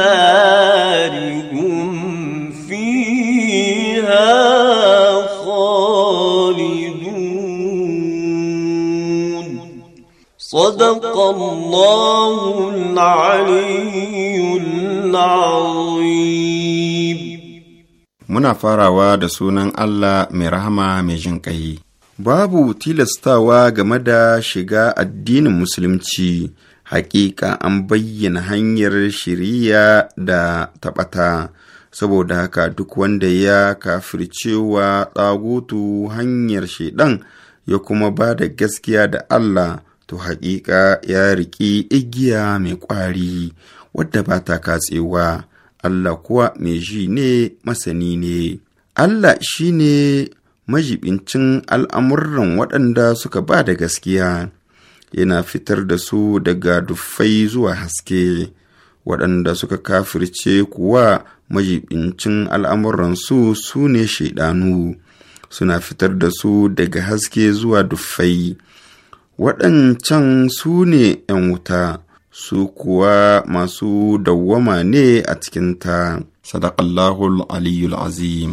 النار هم فيها خالدون صدق الله العلي العظيم muna farawa da sunan Allah mai rahama mai jin ƙai. Babu tilastawa game da shiga addinin Musulunci, hakika an bayyana hanyar shiriya da taɓata saboda haka duk wanda ya cewa tsagutu hanyar shaidan ya kuma ba da gaskiya da Allah to hakika ya riƙi igiya mai ƙwari wadda ba ta katsewa Allah kuwa mai ji ne masani ne Allah shi ne majibincin al'amuran waɗanda suka ba da gaskiya yana fitar da su daga dufai zuwa haske waɗanda suka kafirce kuwa majibincin al'amuransu su ne shaidanu suna fitar da su daga haske zuwa dufai. waɗancan su ne ‘yan wuta su kuwa masu dawwama ne a cikinta sadaƙallahul aliyul azim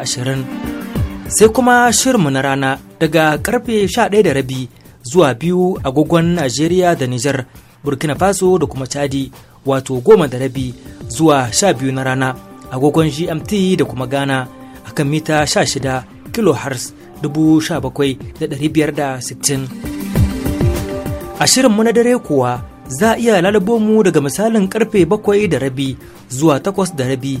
ashirin sai kuma shirinmu na rana daga karfe rabi zuwa biyu agogon Najeriya da Nijar Burkina Faso da kuma Chadi wato goma da rabi zuwa sha biyu na rana agogon GMT da kuma Ghana a kan mita sha shida kilohertz dubu A shirinmu na dare kuwa za a iya lalabo mu daga misalin karfe bakwai da rabi zuwa takwas da rabi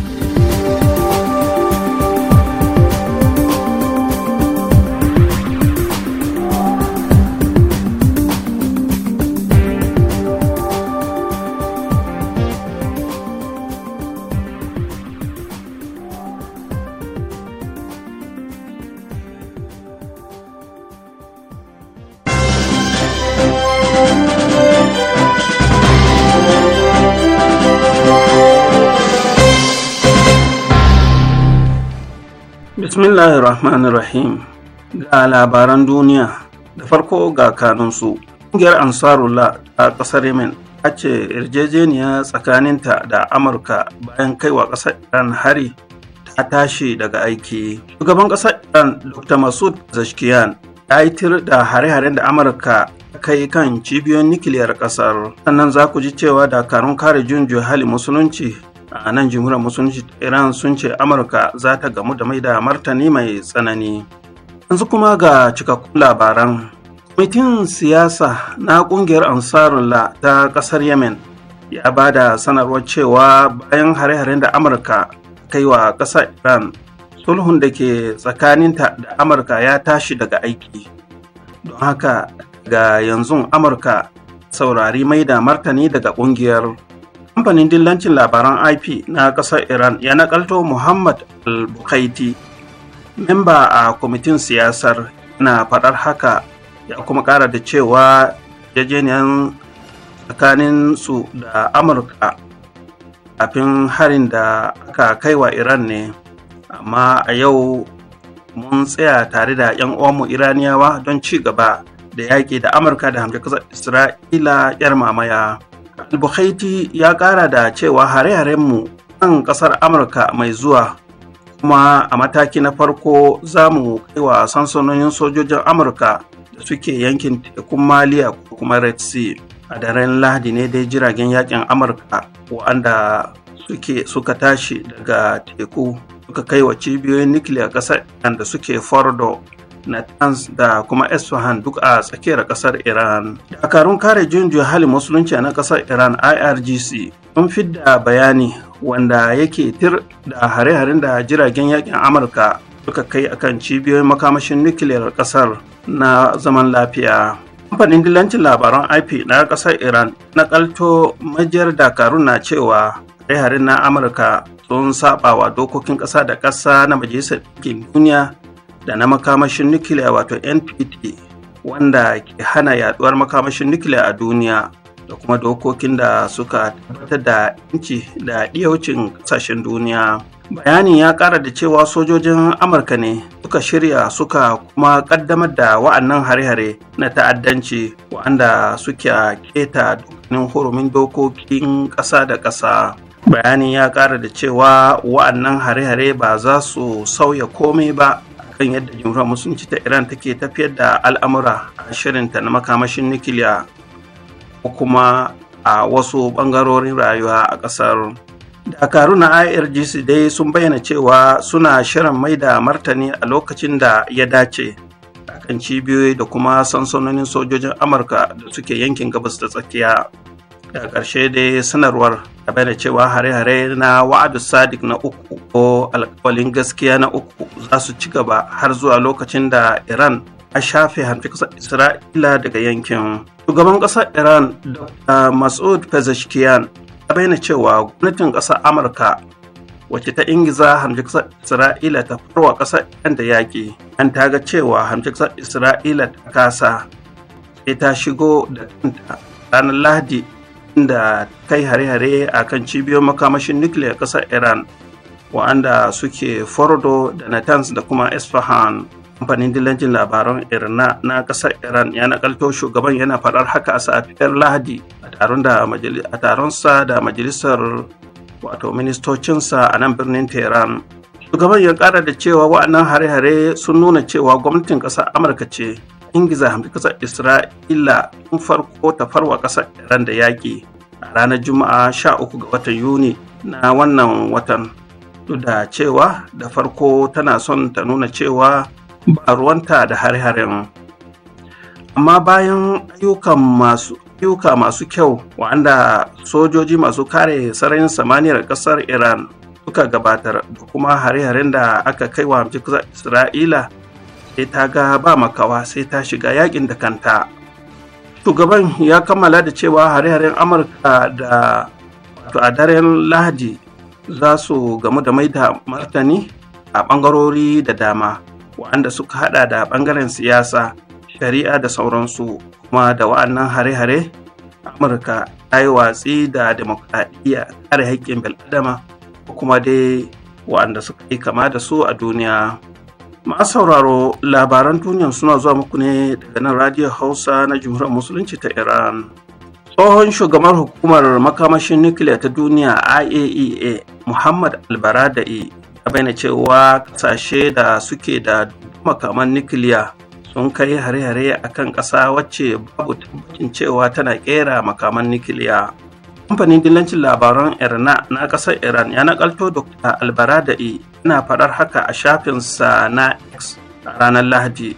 rahim ga labaran duniya da farko ga kanunsu. Ƙungiyar Ansarullah a ƙasar Yemen a ce yarjejeniya tsakaninta da Amurka bayan kaiwa ƙasar Iran hari ta tashi daga aiki. Shugaban ƙasar Iran Dr. Masud Zashkiyan ya yi da hare-haren da Amurka kai kan cibiyoyin nukiliyar ƙasar. sannan za ku ji cewa dakarun kare jin hali musulunci a nan jamhuriyar musulunci iran sun ce amurka za ta gamu da mai da martani mai tsanani yanzu kuma ga cikakkun labaran kwamitin siyasa na kungiyar ansarula ta kasar yemen ya ba da sanarwar cewa bayan hare-haren da amurka kai wa kasar iran sulhun da ke tsakaninta da amurka ya tashi daga aiki don haka ga yanzu amurka saurari mai da martani daga kungiyar kamfanin dillancin labaran ip na kasar iran ya nakalto muhammad al-bukaiti memba a kwamitin siyasar na faɗar haka ya kuma ƙara da cewa yajeniyar tsakanin su da amurka kafin harin da aka kaiwa iran ne amma a yau mun tsaya tare da 'yan uwanmu iraniyawa don ci gaba da yaƙi da amurka da hamshe isra'ila 'yar mamaya Al-Bukhaiti ya ƙara da cewa hare-harenmu kan ƙasar Amurka mai zuwa kuma a mataki na farko za mu kaiwa sansanonin sojojin Amurka da suke yankin tekun Maliya ko kuma Red Sea. A daren Lahadi ne dai jiragen yakin Amurka waɗanda suke suka tashi daga teku suka kai wa cibiyoyin nukiliya ƙasar da suke Fordo Natanz da kuma Esfahan duk a tsakiyar kasar Iran. Dakarun kare juyin halin musulunci na kasar Iran IRGC sun fidda bayani wanda yake tir da hare-haren da jiragen yakin Amurka suka kai akan cibiyoyin makamashin nukiliyar kasar na zaman lafiya. Kamfanin dilancin labaran IP na kasar Iran na kalto majiyar dakarun na cewa hare-haren na Amurka sun saba wa dokokin ƙasa da ƙasa na Majalisar Ɗinkin Duniya da na makamashin nukiliya wato npt wanda ke hana yaduwar makamashin nukiliya a duniya da kuma dokokin da suka tabbatar da inci da ɗiyaucin ƙasashen duniya bayanin ya ƙara da cewa sojojin amurka ne suka shirya suka kuma ƙaddamar da wa'annan hare-hare na ta'addanci wa'anda suke keta dukkanin hurumin dokokin ƙasa da ƙasa bayanin ya ƙara da cewa wa'annan hare-hare ba za su sauya komai ba kan yadda jimura musulunci ta iran take tafiyar da al'amura a shirinta na makamashin nukiliya ko kuma a wasu bangarorin rayuwa a ƙasar dakaru na irgc dai sun bayyana cewa suna shirin mai da martani a lokacin da ya dace akan cibiyoyi da kuma sansanonin sojojin amurka da suke yankin gabas da tsakiya da ƙarshe dai sanarwar game da cewa hare-hare na wa'adu sadik na uku ko alkawalin gaskiya na uku za su ci gaba har zuwa lokacin da iran a shafe hanfi kusa isra'ila daga yankin shugaban ƙasar iran da masud pezeshkian ya bayyana cewa gwamnatin ƙasar amurka wacce ta ingiza hamshin ƙasar isra'ila ta farwa ƙasar iran da yaƙi an ta ga cewa hamshin ƙasar isra'ila ta kasa sai ta shigo da kanta ranar lahadi da kai hare-hare a kan cibiyoyin makamashin nukiliyar ƙasar iran wa'anda suke fordo da natanz da kuma isfahan kamfanin dillancin labaran irna na ƙasar iran ya nakalto shugaban yana faɗar haka a safiyar lahadi a taronsa da majalisar wato ministocinsa a nan birnin tehran shugaban ya ƙara da cewa wa'annan hare-hare sun nuna cewa gwamnatin ƙasar amurka ce ingiza hamfi kasar isra'ila tun farko ta farwa kasar iran da yaƙi a ranar juma'a 13 ga watan yuni na wannan watan duk da cewa da farko tana son ta nuna cewa ba ruwanta da har-haren amma bayan ayyukan masu ayyuka masu kyau wanda sojoji masu kare sarayin samaniyar kasar iran suka gabatar da kuma hare-haren da aka kai wa hamfi kasar isra'ila sai ta ga ba makawa sai ta shiga yakin da kanta shugaban ya kammala da cewa hare-haren amurka da a daren lahadi za su gamu da maida martani a ɓangarori da dama waɗanda suka haɗa da ɓangaren siyasa shari'a da sauransu kuma da wa'annan hare-hare amurka ta yi watsi da demokradiyya kare haƙƙin bil'adama kuma dai waɗanda suka yi kama da su a duniya Masu sauraro labaran duniya suna zuwa muku ne daga nan Radio Hausa na Jumhuriyar Musulunci ta Iran. Tsohon shugaban hukumar makamashin nukiliya ta duniya IAEA e Muhammad Albaradai ya bayyana cewa kasashe da suke da makaman nukiliya sun kai hare-hare akan ƙasa wacce babu tabbacin cewa tana ƙera makaman nukiliya. kamfanin dillancin labaran irna na kasar iran ya nakalto dr albarada'i yana faɗar haka a shafinsa na x a ranar lahadi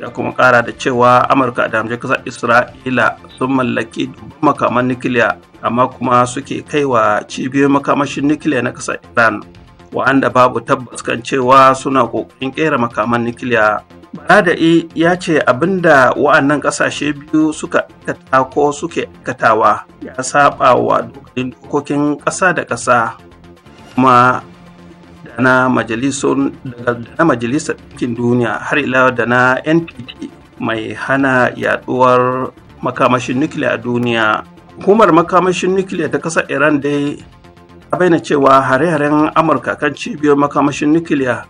ya kuma ƙara da cewa amurka da hamshe kasar isra'ila sun mallaki makaman nukiliya amma kuma suke kaiwa cibiyoyin makamashin nukiliya na kasar iran wa'anda babu tabbas kan cewa suna ƙoƙarin ƙera makaman nukiliya Barada'i e ya ce abin da wa'annan ƙasashe biyu suka aikata ko suke aikatawa ya saba wa dokokin ƙasa da ƙasa kuma da na majalisar ɗinkin duniya har ila da na npt mai hana yaduwar makamashin nukiliya a duniya hukumar makamashin nukiliya ta ƙasar iran dai a bayyana cewa hare-haren amurka kan cibiyar makamashin nukiliya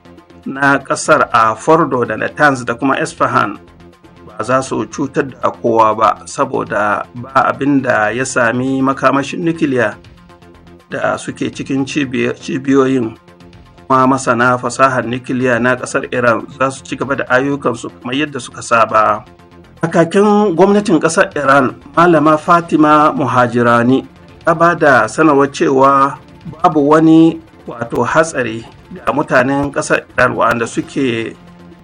na ƙasar a Fordo da Natanz da kuma esfahan ba za su cutar da kowa ba saboda ba abin da ya sami makamashin nukiliya da suke cikin cibiyoyin kuma masana fasahar nukiliya na ƙasar Iran za su ci gaba da ayyukansu kamar yadda suka saba. Kakakin gwamnatin ƙasar Iran, Malama Fatima Muhajirani, ta ba da sanawa cewa babu wani wato hatsari Da mutanen kasar iran wa'anda suke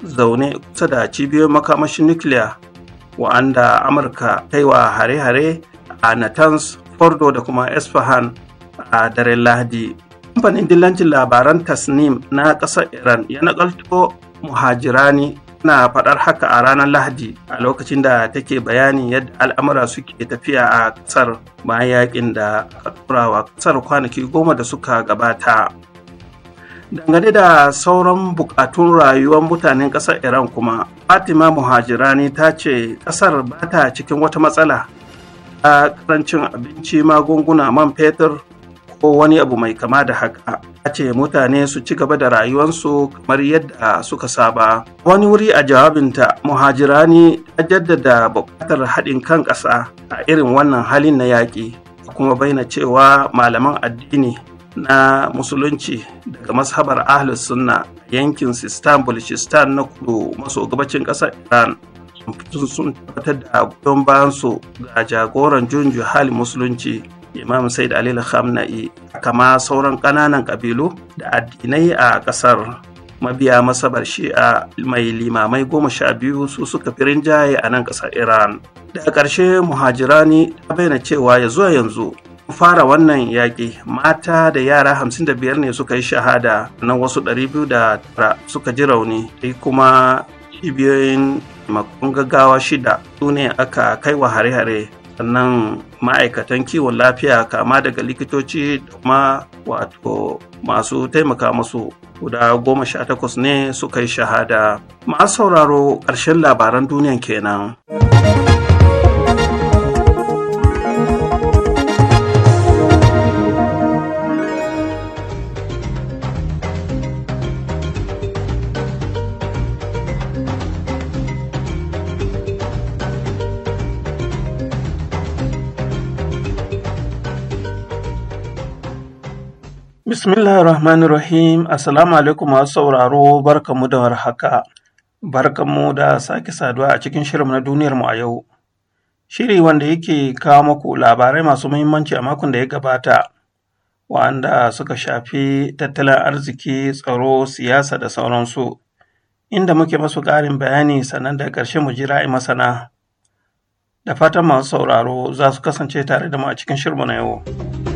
zaune kusa da cibiyoyin makamashin nukiliya wa'anda amurka ta wa hare-hare a natanz fordo da kuma Esfahan a daren lahadi kamfanin dillancin labaran tasnim na ƙasa iran ya nakalto muhajirani na faɗar haka a ranar lahadi a lokacin da take bayani yadda al'amura suke tafiya a ƙasar bayan yakin da aka ƙasar kwanaki goma da suka gabata dangane da sauran bukatun rayuwar mutanen kasar iran kuma fatima muhajirani ta ce kasar ba ta cikin wata matsala a karancin abinci magunguna man fetur ko wani abu mai kama da haka ta ce mutane su ci gaba da rayuwarsu kamar yadda suka saba wani wuri a jawabinta muhajirani ta jaddada bukatar haɗin kan ƙasa a irin wannan halin na yaƙi kuma bayyana cewa malaman addini na musulunci daga mashabar ahlus sunna yankin istanbul shistan na kudu maso gabacin ƙasar iran sun tabbatar da goyon bayan su ga jagoran junju hali musulunci imam said alil khamna'i kama sauran ƙananan ƙabilu da addinai a ƙasar mabiya masabar shi'a mai limamai goma sha biyu su suka fi rinjaye a nan ƙasar iran daga ƙarshe muhajirani ta bayyana cewa ya zuwa yanzu fara wannan yaƙi mata da yara hamsin da biyar ne suka yi shahada na wasu ɗari biyu da tara suka ji rauni sai kuma cibiyoyin makon gaggawa shida su ne aka kai wa hare-hare sannan ma'aikatan kiwon lafiya kama daga likitoci da kuma wato masu taimaka musu guda goma sha takwas ne suka yi shahada masu sauraro ƙarshen labaran duniyan kenan. rahim Assalamu alaikum masu sauraro barkamu da warhaka. Barkamu da sake saduwa a cikin shirin na duniyar mu a yau. Shiri wanda yake kawo muku labarai masu muhimmanci a makon da ya gabata, wanda suka shafi tattalin arziki, tsaro, siyasa da sauransu, inda muke masu ƙarin bayani sannan da ƙarshe mu jira masana. Da fatan masu sauraro za su kasance tare da mu a cikin shirinmu na yau.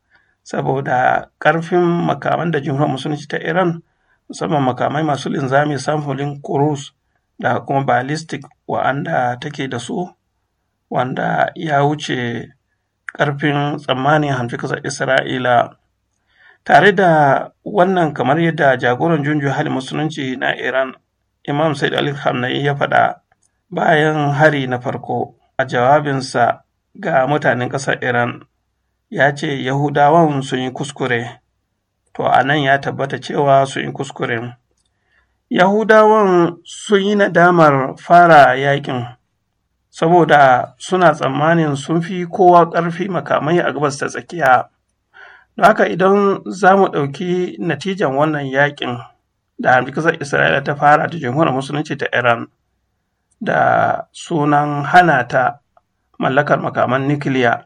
saboda ƙarfin makaman da jumhuriyar musulunci ta iran musamman makamai masu linzami samfulin kurus da kuma ballistic wa'anda take da su wanda ya wuce ƙarfin tsammanin hamshi ƙasar isra'ila tare da wannan kamar yadda jagoran junju hali musulunci na iran imam said ali Khamenei ya faɗa bayan hari na farko a jawabinsa ga mutanen ƙasar iran ya ce Yahudawan sun yi kuskure, to a nan ya tabbata cewa sun yi kuskure. Yahudawan sun yi nadamar fara yaƙin, saboda suna tsammanin sun fi kowa ƙarfi makamai a gabas ta tsakiya. Don haka idan za mu ɗauki natijan wannan yaƙin da hamdukasar Isra'ila ta fara da jamhuriyar musulunci ta Iran da sunan hana ta mallakar makaman nukiliya.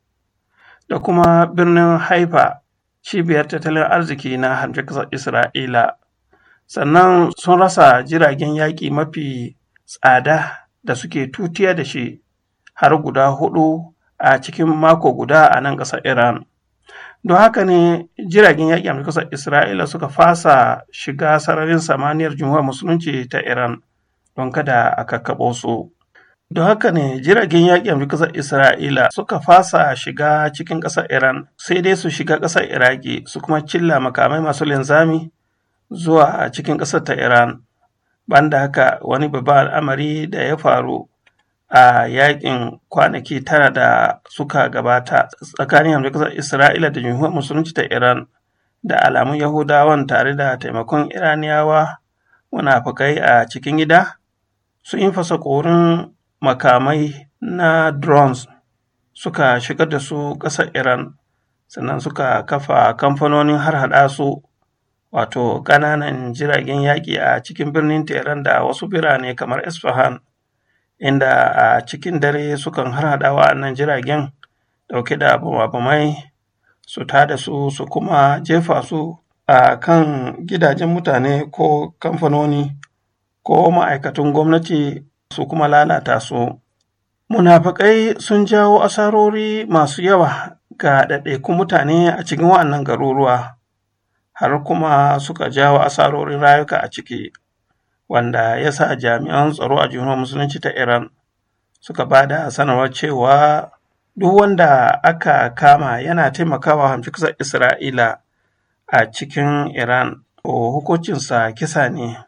da kuma birnin Haifa cibiyar tattalin arziki na hamshaksar Isra'ila, sannan sun rasa jiragen yaƙi mafi tsada da suke tutiya da shi har guda hudu a cikin mako guda a nan ƙasar Iran. Don haka ne jiragen yaƙi a ƙasar Isra'ila suka fasa shiga sararin samaniyar Jumhuriyar Musulunci ta Iran don kada a kakkaɓo su. Don haka ne jiragen yakin rikizar Isra'ila suka fasa shiga cikin ƙasar Iran sai dai su shiga ƙasar Iraki su kuma cilla makamai masu linzami zuwa cikin ƙasar ta Iran. Banda haka wani babban al'amari da ya faru a yaƙin kwanaki tara da suka gabata tsakanin hamdu Isra'ila da jumhuriyar musulunci ta Iran da alamun Yahudawan tare da taimakon Iraniyawa munafukai a cikin gida sun yi fasa ƙorin makamai na drones suka shigar da su ƙasar Iran sannan suka kafa kamfanonin harhaɗa su wato ƙananan jiragen yaƙi a cikin birnin Tehran da wasu birane kamar Isfahan inda a cikin dare sukan harhaɗa wa'annan jiragen ɗauke da bumabumai su tada su su kuma jefa su a kan gidajen mutane ko kamfanoni ko ma'aikatan gwamnati su kuma lalata su. Munafakai sun jawo asarori masu yawa ga ɗaiɗaikun mutane a cikin wannan garuruwa, har kuma suka jawo asarorin rayuka a ciki, wanda ya sa jami'an tsaro a juna musulunci ta Iran suka ba da sanarwar cewa duk wanda aka kama yana taimakawa hamfikisar Isra'ila a cikin Iran, hukuncinsa kisa ne.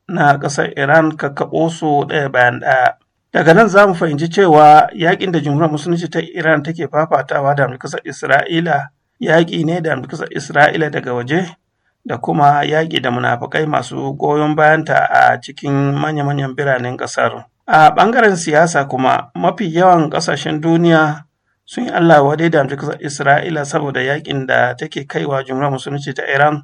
na ƙasar Iran kakkaɓo su ɗaya bayan ɗaya. Daga nan za mu fahimci cewa yaƙin da jumhuriyar musulunci ta Iran take fafatawa da kasar Isra'ila yaƙi ne da kasar Isra'ila daga waje da kuma yaƙi da munafukai masu goyon bayanta a cikin manya-manyan biranen ƙasar. A ɓangaren siyasa kuma mafi yawan ƙasashen duniya sun yi Allah wadai da kasar Isra'ila saboda yaƙin da take kaiwa jumhuriyar musulunci ta Iran.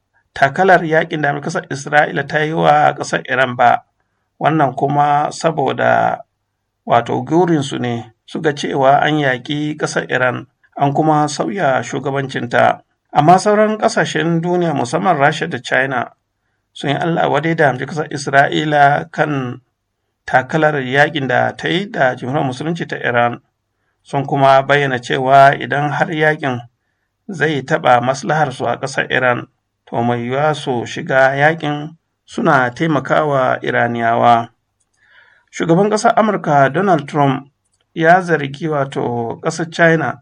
takalar yaƙin da kasar isra'ila ta yi wa ƙasar iran ba wannan kuma saboda wato gurinsu ne suka cewa an yaƙi ƙasar iran an kuma sauya shugabancinta amma sauran ƙasashen duniya musamman rasha da china sun yi allah wadai da amci ƙasar isra'ila kan takalar yaƙin da ta yi da jimhuriyar musulunci ta iran sun kuma bayyana cewa idan har yakin zai taɓa maslaharsu a ƙasar iran to mai yiwuwa su shiga yaƙin suna taimakawa Iraniyawa. Shugaban ƙasar Amurka Donald Trump ya zargi wato ƙasar China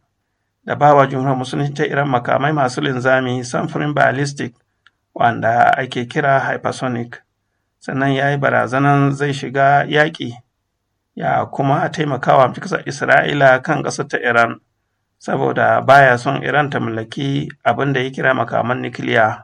da bawa jumhuriyar musulunci ta Iran makamai masu linzami samfurin ballistic wanda ake kira hypersonic sannan ya yi barazanan zai shiga yaƙi ya kuma taimakawa mafi ƙasar Isra'ila kan ƙasar ta Iran saboda baya son Iran ta mallaki abin da ya kira makaman nukiliya.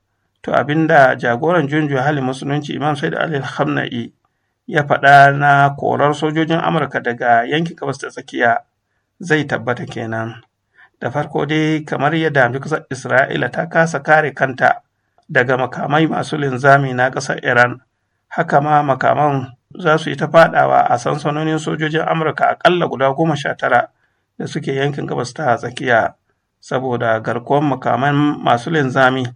To abinda jagoran junjo halin musulunci Imam Said Ali Hamna'i ya faɗa na korar sojojin Amurka daga yankin gabas da tsakiya zai tabbata kenan. Da farko dai kamar yadda amurka Isra'ila ta kasa kare kanta daga makamai masu linzami na ƙasar Iran, haka ma makaman za su yi ta faɗawa a sansanonin sojojin Amurka aƙalla guda goma sha tara da suke yankin gabas ta tsakiya saboda garkuwar makaman masu linzami.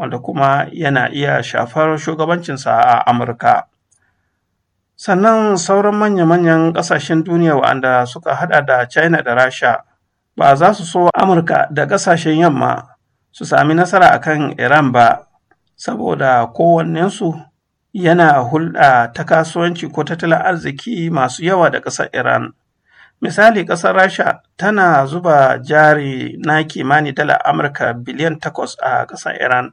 wanda kuma yana iya shafar shugabancinsa a Amurka. Sannan sauran manya-manyan ƙasashen duniya wa'anda suka hada da China da Rasha ba za su so Amurka da ƙasashen yamma su sami nasara a kan Iran ba, saboda kowannensu yana hulɗa ta kasuwanci ko tattalin arziki masu yawa da ƙasar Iran. Misali ƙasar Rasha tana zuba jari na kimanin dala Amurka biliyan takwas a ƙasar Iran.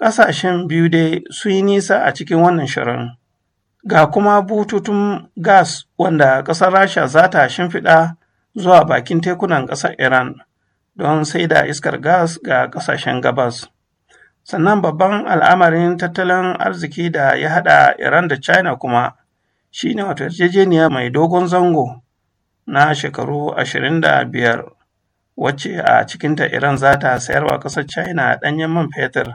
ƙasashen biyu dai sun yi nisa a cikin wannan shirin. Ga kuma bututun gas wanda ƙasar Rasha za ta shimfiɗa zuwa bakin tekunan ƙasar Iran don sai da iskar gas ga ƙasashen gabas. Sannan babban al'amarin tattalin arziki da ya haɗa Iran da China kuma shi ne wata yarjejeniya mai dogon zango na shekaru ashirin da biyar wacce a cikinta Iran za ta sayarwa ƙasar China ɗanyen man fetur.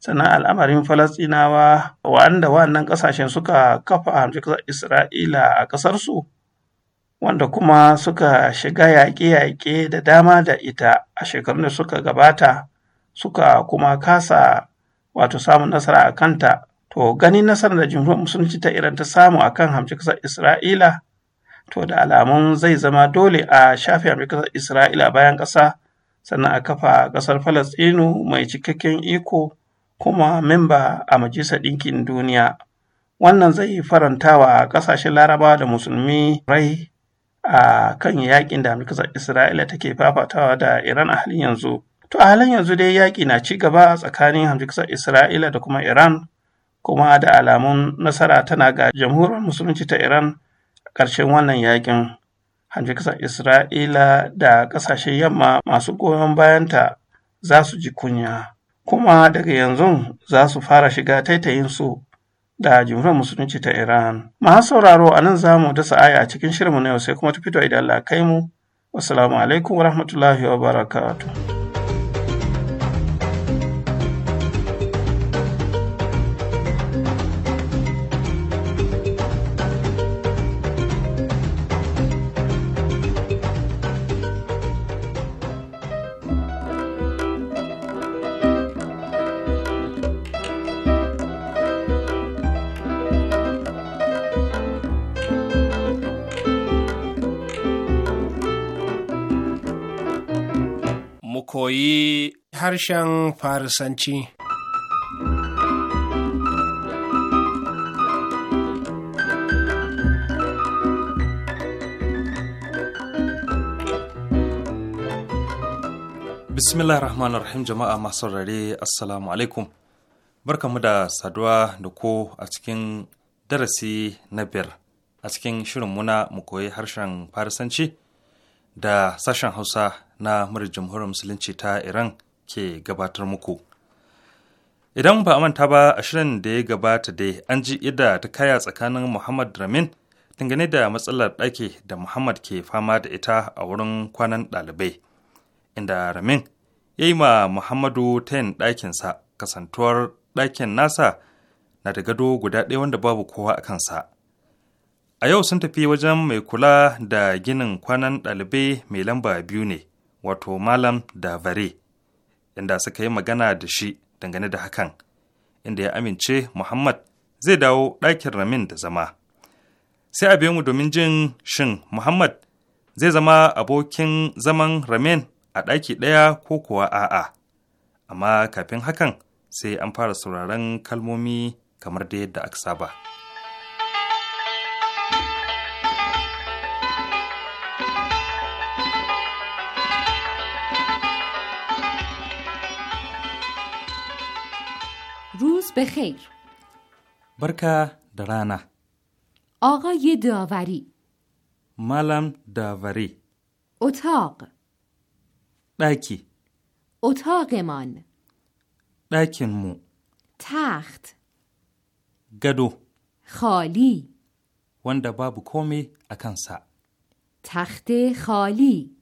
sannan al'amarin falastinawa wanda wannan ƙasashen suka kafa kasar isra'ila a ƙasarsu wanda kuma suka shiga yaƙe-yaƙe da dama da ita a shekarun da suka gabata suka kuma kasa wato samun nasara a kanta to ganin nasarar da jumhuriyar musulunci ta iran ta samu a kan hamshin isra'ila to da alamun zai zama dole a shafe hamshin isra'ila bayan ƙasa sannan a kafa ƙasar falastinu mai cikakken iko kuma memba a majalisar ɗinkin duniya wannan zai faranta wa ƙasashen larabawa da musulmi rai a kan yaƙin da amurka isra'ila take fafatawa da iran a halin yanzu to a halin yanzu dai yaƙi na ci gaba tsakanin amurka isra'ila da kuma iran kuma da alamun nasara tana ga jamhuriyar musulunci ta iran ƙarshen wannan yaƙin amurkar isra'ila da ƙasashen yamma masu goyon bayanta za su ji kunya kuma daga yanzu za su fara shiga su da jumhuriyar musulunci ta Iran. Masu sauraro a nan za mu dasa aya a cikin shirinmu na yau sai kuma ta fito idan Allah kai mu. Wassalamu alaikum warahmatullahi wabarakatuh. koyi harshen Farisanci. Bismillah rahman rahim jama'a masu rare assalamu alaikum. barkamu da saduwa da ko a cikin darasi na biyar a cikin shirin na mu koyi harshen Farisanci. da sashen Hausa na murar jamhuriyar Musulunci ta Iran ke gabatar muku. Idan ba a manta ba a shirin da ya gabata dai an ji yadda ta kaya tsakanin Muhammad Ramin dangane da matsalar ɗaki da Muhammad ke fama da ita a wurin kwanan ɗalibai, inda Ramin ya yi ma Muhammadu tayin ɗakinsa kasantuwar ɗakin nasa na da gado guda ɗaya wanda babu kowa a kansa. A yau sun tafi wajen mai kula da ginin kwanan ɗalibai mai lamba biyu ne, wato Malam Davare, inda suka yi magana da shi dangane da hakan, inda ya amince Muhammad zai dawo ɗakin Ramin da zama. Sai a biyo mu domin jin shin Muhammad zai zama abokin zaman Ramin a ɗaki ɗaya ko kuwa a'a. Amma kafin hakan sai an fara sauraron kalmomi kamar da yadda aka saba. بخیر برکه برکه درانه آقای داوری ملم داوری اتاق داکی اتاق من مو تخت گدو خالی وند باب کومی اکنسا تخت خالی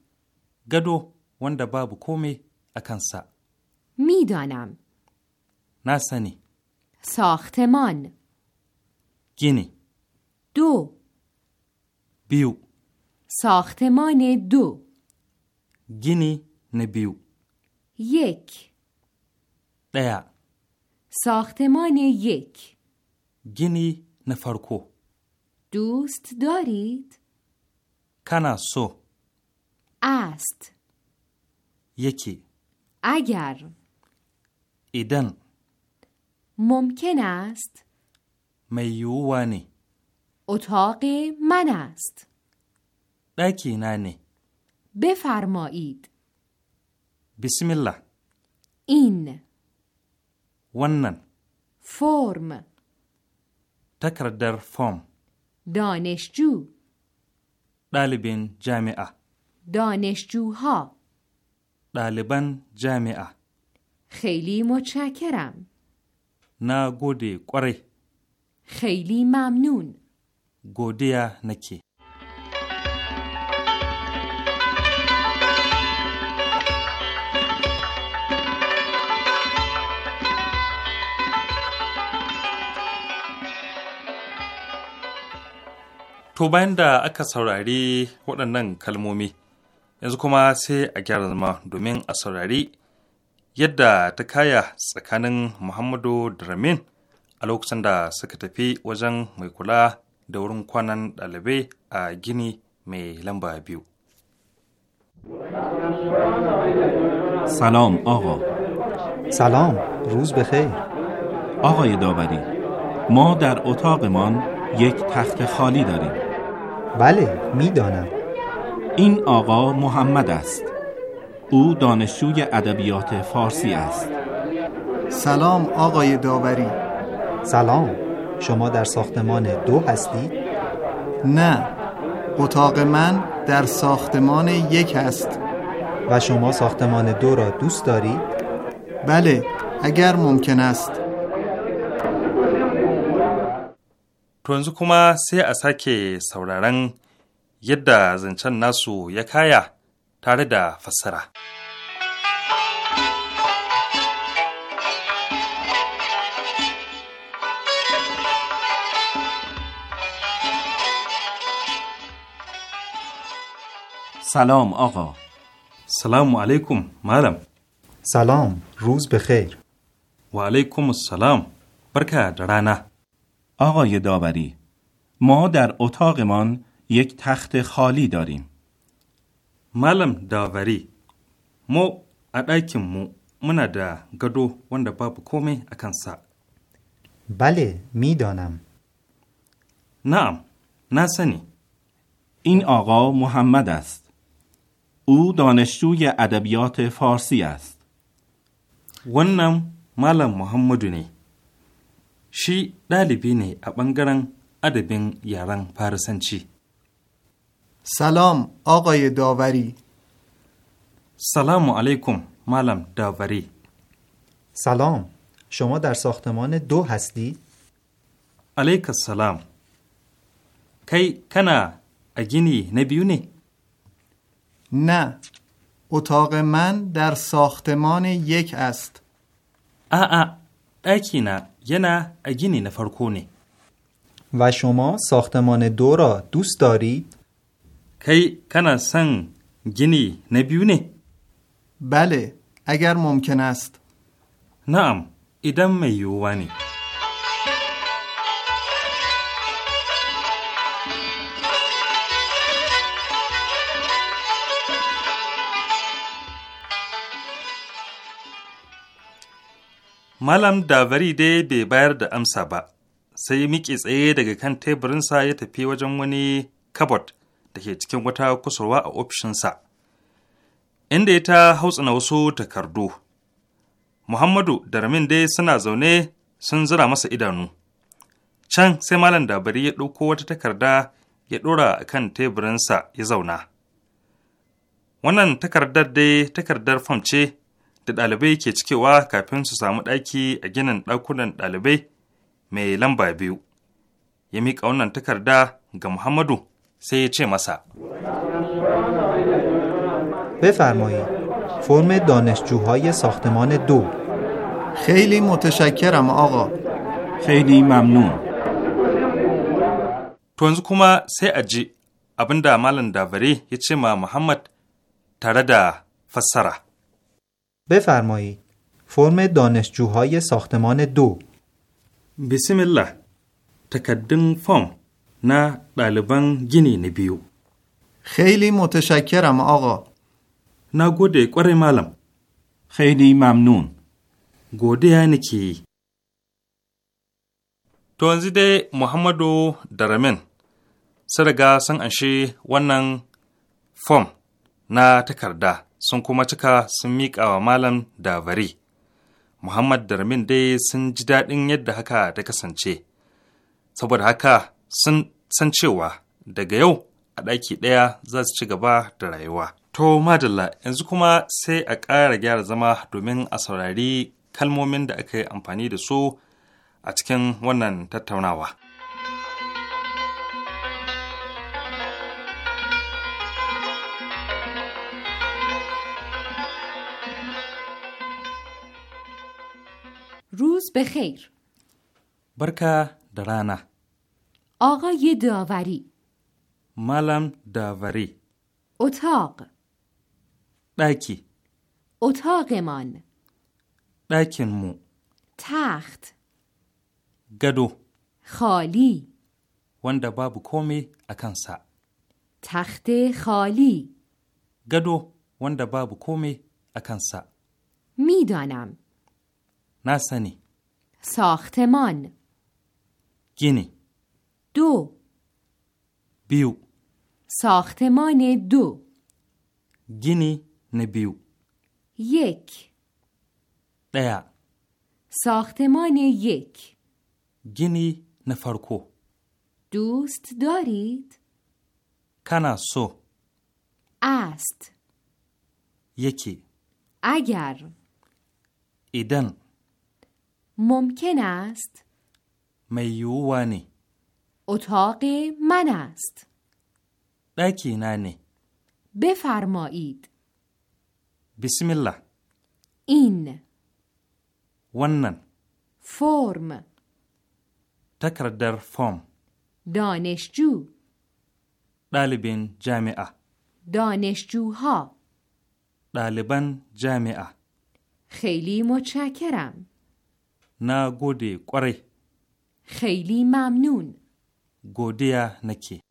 گدو وند باب کومی اکنسا میدانم ناسنی ساختمان گینی دو بیو ساختمان دو گینی نبیو یک دیا ساختمان یک گینی نفرکو دوست دارید؟ کنا سو است یکی اگر ایدن ممکن است میوانی اتاق من است دکی بفرمایید بسم الله این ونن فرم تکردر فرم دانشجو دالبین جامعه دانشجوها دالبان جامعه خیلی متشکرم na gode kwarai. Khaili mamnun. godiya nake. To bayan da aka saurari waɗannan kalmomi, yanzu kuma sai a gyara zama domin a saurari yadda ta kaya tsakanin Muhammadu Dramin a lokacin da suka tafi wajen mai kula da wurin kwanan ɗalibai a gini mai lamba biyu. سلام آقا سلام روز بخیر آقای داوری ما در اتاقمان یک تخت خالی داریم بله میدانم این آقا محمد است او دانشجوی ادبیات فارسی است سلام آقای داوری سلام شما در ساختمان دو هستید؟ نه اتاق من در ساختمان یک است و شما ساختمان دو را دوست دارید؟ بله اگر ممکن است تونزو کما سی از هکی sake یده yadda نسو ناسو tare da fassara. سلام آقا سلام علیکم معلم سلام روز بخیر و علیکم السلام برکه درانه آقای داوری ما در اتاقمان یک تخت خالی داریم Malam Davari, mo a ɗakinmu muna da gado wanda babu komai a kansa. Bale, mi donam. Na'am, na sani. In aga Muhammad است. او دانشجوی ادبیات فارسی است. Wannan Malam Muhammadu ne. Shi ɗalibi ne a ɓangaren adabin yaren Faransanci. سلام آقای داوری سلام علیکم معلم داوری سلام شما در ساختمان دو هستی؟ علیک السلام کی کنا اگینی نبیونی؟ نه اتاق من در ساختمان یک است آ اکی نه یه نه اگینی نفرکونی و شما ساختمان دو را دوست دارید؟ کی کنا سن گینی نه بیو نه بله اگر Na'am, idan mai ایدم ne. Malam Davari dai bai bayar da amsa ba, sai miƙe tsaye daga kan teburinsa ya tafi wajen wani kabot da ke cikin wata kusurwa a ofishinsa, inda ya ta hautsina wasu takardu. Muhammadu da Ramin dai suna zaune sun zira masa idanu. Can sai Malam da bari ya ɗauko wata takarda ya ɗora a kan teburinsa ya zauna. Wannan takardar dai takardar fam ce da ɗalibai ke cikewa kafin su samu ɗaki a ginin ɗakunan ɗalibai mai lamba biyu. Ya miƙa wannan takarda ga Muhammadu سه چه مصب بفرمایید فرم دانشجوهای ساختمان دو خیلی متشکرم آقا خیلی ممنون توانز کما سه اجی ابن دا مالن دا وری ما محمد تردا فسرا بفرمایید فرم دانشجوهای ساختمان دو بسم الله تکدن فرم نه ɗaliban gini na biyu. خیلی متشکرم آقا. Na gode kwarai malam. خیلی ممنون. Godiya nake yi. To yanzu dai Muhammadu da Ramin sun riga sun wannan fom na takarda sun kuma cika sun miƙa wa malam dabari, Muhammad da Ramin dai sun ji daɗin yadda haka ta kasance. Saboda haka sun san cewa daga yau a ɗaki ɗaya za su ci gaba da rayuwa. To madalla yanzu kuma sai a ƙara gyara zama domin a saurari kalmomin da aka yi amfani da su a cikin wannan tattaunawa. Bekhair Barka da rana. آقای داوری ملم داوری اتاق دایکی اتاق من مو تخت گدو خالی وند باب کومی اکنسا تخت خالی گدو وند باب کومی اکنسا می دانم نسنی ساختمان گینی دو بیو ساختمان دو گینی نبیو یک دیا ساختمان یک گینی نفرکو دوست دارید؟ کنا سو است یکی اگر ایدن ممکن است میوانی اتاق من است. بکی ننه. بفرمایید. بسم الله. این. ونن. فرم. در فرم. دانشجو. دالبین جامعه. دانشجوها. دالبان جامعه. خیلی متشکرم. نگودی قره. خیلی ممنون. godiya nake.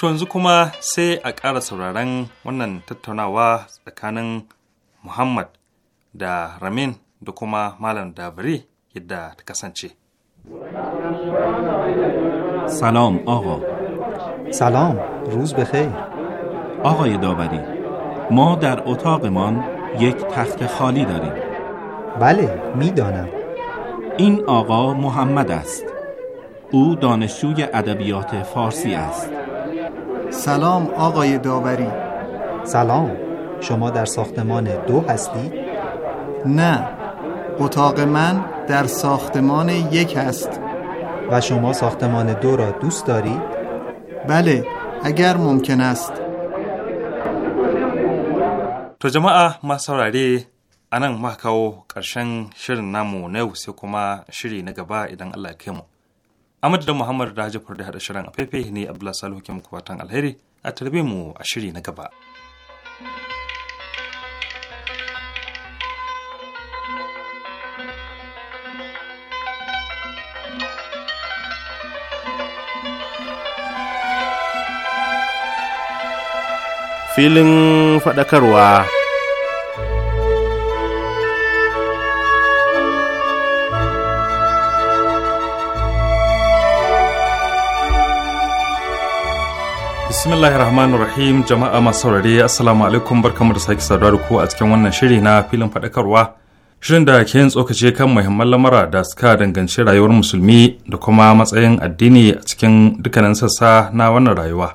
To yanzu kuma sai a ƙara sauraron wannan tattaunawa tsakanin Muhammad da Ramin da kuma Malam Dabiri yadda ta kasance. Salam, آقا Salam, Ruz آقای داوری ما در اتاقمان یک تخت خالی داریم بله میدانم این آقا محمد است او دانشجوی ادبیات فارسی است سلام آقای داوری سلام شما در ساختمان دو هستی؟ نه اتاق من در ساختمان یک هست و شما ساختمان دو را دوست دارید؟ بله اگر ممکن است To jama'a masu saurare a nan ma kawo ƙarshen shirin namu na yau sai kuma shiri na gaba idan Allah ya kai mu. Ahmad da Muhammad da haji da haɗa shirin a ne Abdullahi Salihu ke muku fatan alheri a tarbe mu a shiri na gaba. thank you filin faɗakarwa. Bismillahirrahmanirrahim jama'a masu saurare assalamu alaikum barkamu da sake saduwa da ku a cikin wannan shiri na filin faɗakarwa shirin da ke yin tsokace kan muhimman lamura da suka danganci rayuwar musulmi da kuma matsayin addini a cikin dukkanin sassa na wannan rayuwa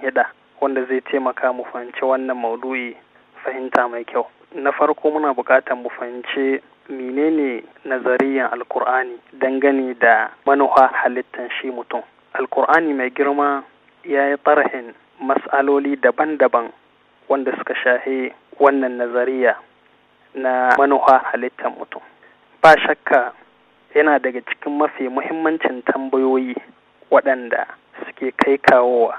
hida wanda zai taimaka mu fahimci wannan maudu'i fahimta mai kyau. Na farko muna buƙatar mu fahimci menene nazariyan alkur'ani dangane da manuha halittan shi mutum. Alkur'ani mai girma ya yi tarihin matsaloli daban-daban wanda suka shahe wannan nazariya na manuha halittar mutum. Ba shakka yana daga cikin mafi muhimmancin tambayoyi waɗanda suke kai kawowa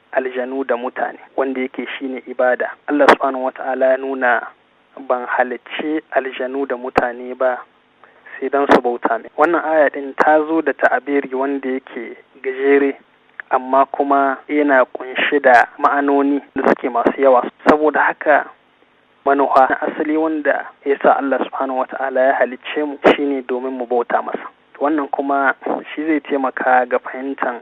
aljanu da mutane wanda yake shine ibada Allah subhanahu wata'ala ya nuna ban halicci aljanu da mutane ba sai dan su bauta mai wannan aya din ta zo da ta'abiri wanda yake gajere amma kuma yana kunshi da ma'anoni da suke masu yawa saboda haka manuha na asali wanda ya sa Allah subhanahu wata'ala ya halicce mu shine domin mu bauta masa wannan kuma shi zai taimaka ga fahimtar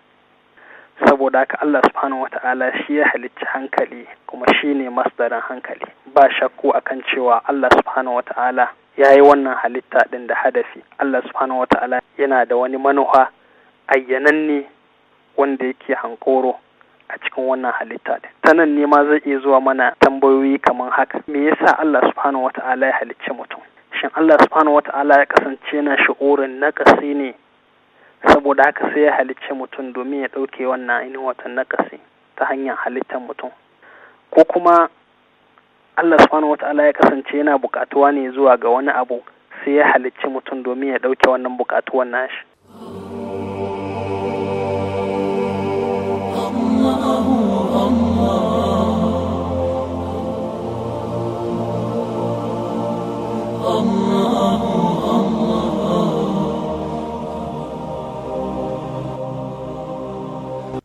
saboda haka Allah subhanahu wata'ala shi ya halicci hankali kuma shi ne masdarin hankali ba shakku kan cewa Allah subhanahu wata'ala ya yi wannan halitta ɗin da hadafi Allah subhanahu wata'ala yana da wani manuha ayyananne wanda yake hankoro a cikin wannan halitta ɗin ta nan ne ma zai iya zuwa mana tambayoyi kamar haka me yasa Allah subhanahu wata'ala ya halicci mutum shin Allah subhanahu wata'ala ya kasance na shi'urin nakasi ne saboda haka sai ya halicci mutum domin ya ɗauke wannan ainihin watan nakasi ta hanyar halittar mutum ko kuma Allah subhanahu wata'ala ya kasance yana buƙatuwa ne zuwa ga wani abu sai ya halicci mutum domin ya ɗauke wannan buƙatuwan nashi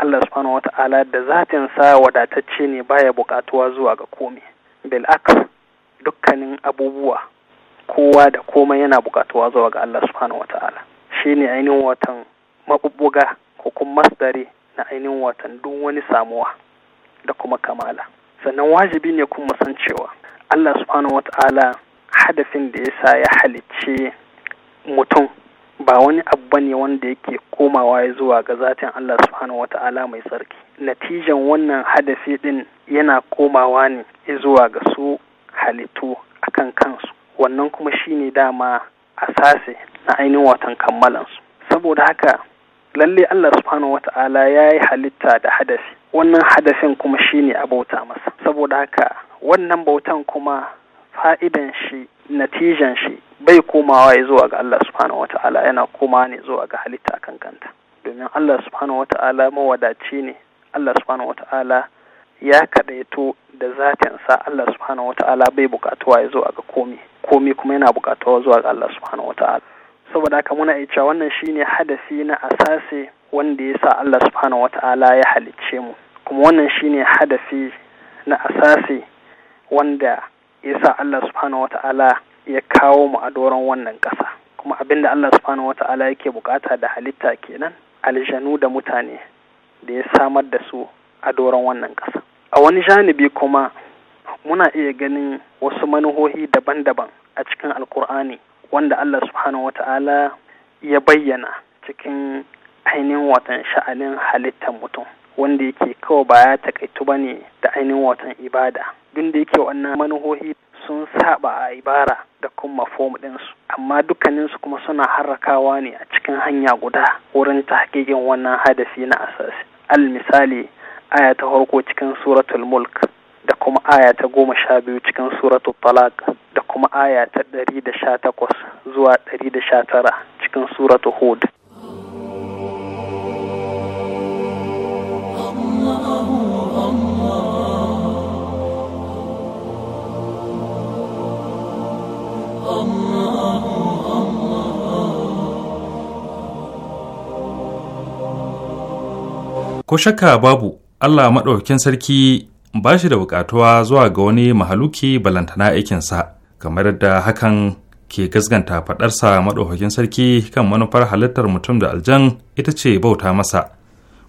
Allah subhanahu ta'ala da zatin sa wadatacce ne baya bukatuwa zuwa ga komai bil dukkanin abubuwa kowa da komai yana bukatuwa zuwa ga Allah subhanahu Shi shine ainihin watan mabubuga ko kuma masdari na ainihin watan duk wani samuwa da kuma kamala sannan wajibi ne kuma san cewa Allah subhanahu ta'ala hadafin da ya ya halicce mutum ba wani abu ba ne wanda yake komawa zuwa ga zatin Allah subhanahu ta'ala mai tsarki natijan wannan hadafi din yana komawa ne zuwa ga su halittu akan kansu wannan kuma shi ne dama a sase na ainihin watan kammalansu saboda haka lalle Allah subhanahu ta'ala ya yi halitta da hadafi. wannan hadafin kuma shine a bauta masa saboda haka wannan bautan kuma fa'idan shi natijan shi bai komawa ya zuwa ga Allah subhanahu ta’ala yana koma ne zuwa ga halitta kan kanta domin Allah subhanahu ta’ala mawadaci ne Allah subhanahu ta’ala ya kadaito da zatinsa Allah subhanahu ta’ala bai bukatuwa ya zuwa ga komi komi kuma yana bukatuwa zuwa ga Allah subhanahu ta’ala. saboda haka muna iya cewa wannan shine hadasi na asasi wanda ya sa Allah subhanahu ta’ala ya halicce mu kuma wannan shine hadasi na asasi wanda yasa Allah subhanahu wata'ala ya kawo mu a doron wannan ƙasa kuma abinda Allah subhanahu wata'ala yake bukata da halitta kenan aljanu da mutane da ya samar da su a doron wannan ƙasa a wani janibi kuma muna iya ganin wasu manuhohi daban-daban a cikin alkur'ani wanda Allah subhanahu wata'ala ya bayyana cikin ainihin watan sha'anin halittar mutum wanda yake kawai ba ya takaitu ba ne da ainihin watan ibada duk da yake wannan manuhohi sun saba a ibara da kuma fom ɗinsu amma dukkaninsu kuma suna harrakawa ne a cikin hanya guda wurin tahqiqin wannan hadafi na asasi al misali aya ta farko cikin suratul mulk da kuma aya ta goma sha biyu cikin suratul talaq da kuma aya ta ɗari da sha takwas zuwa ɗari da sha tara cikin suratul hud Ko shakka babu Allah maɗaukakin sarki ba shi da buƙatuwa zuwa ga wani mahaluki balantana aikinsa, kamar yadda hakan ke gasganta faɗarsa maɗaukakin sarki kan manufar halittar mutum da aljan ita ce bauta masa,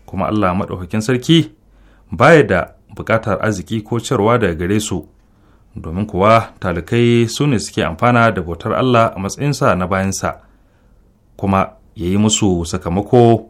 kuma Allah maɗaukakin sarki baya da buƙatar arziki ko cirwa daga gare su, domin kuwa talikai su ne suke amfana da bautar Allah a matsayinsa na bayansa, kuma ya yi musu sakamako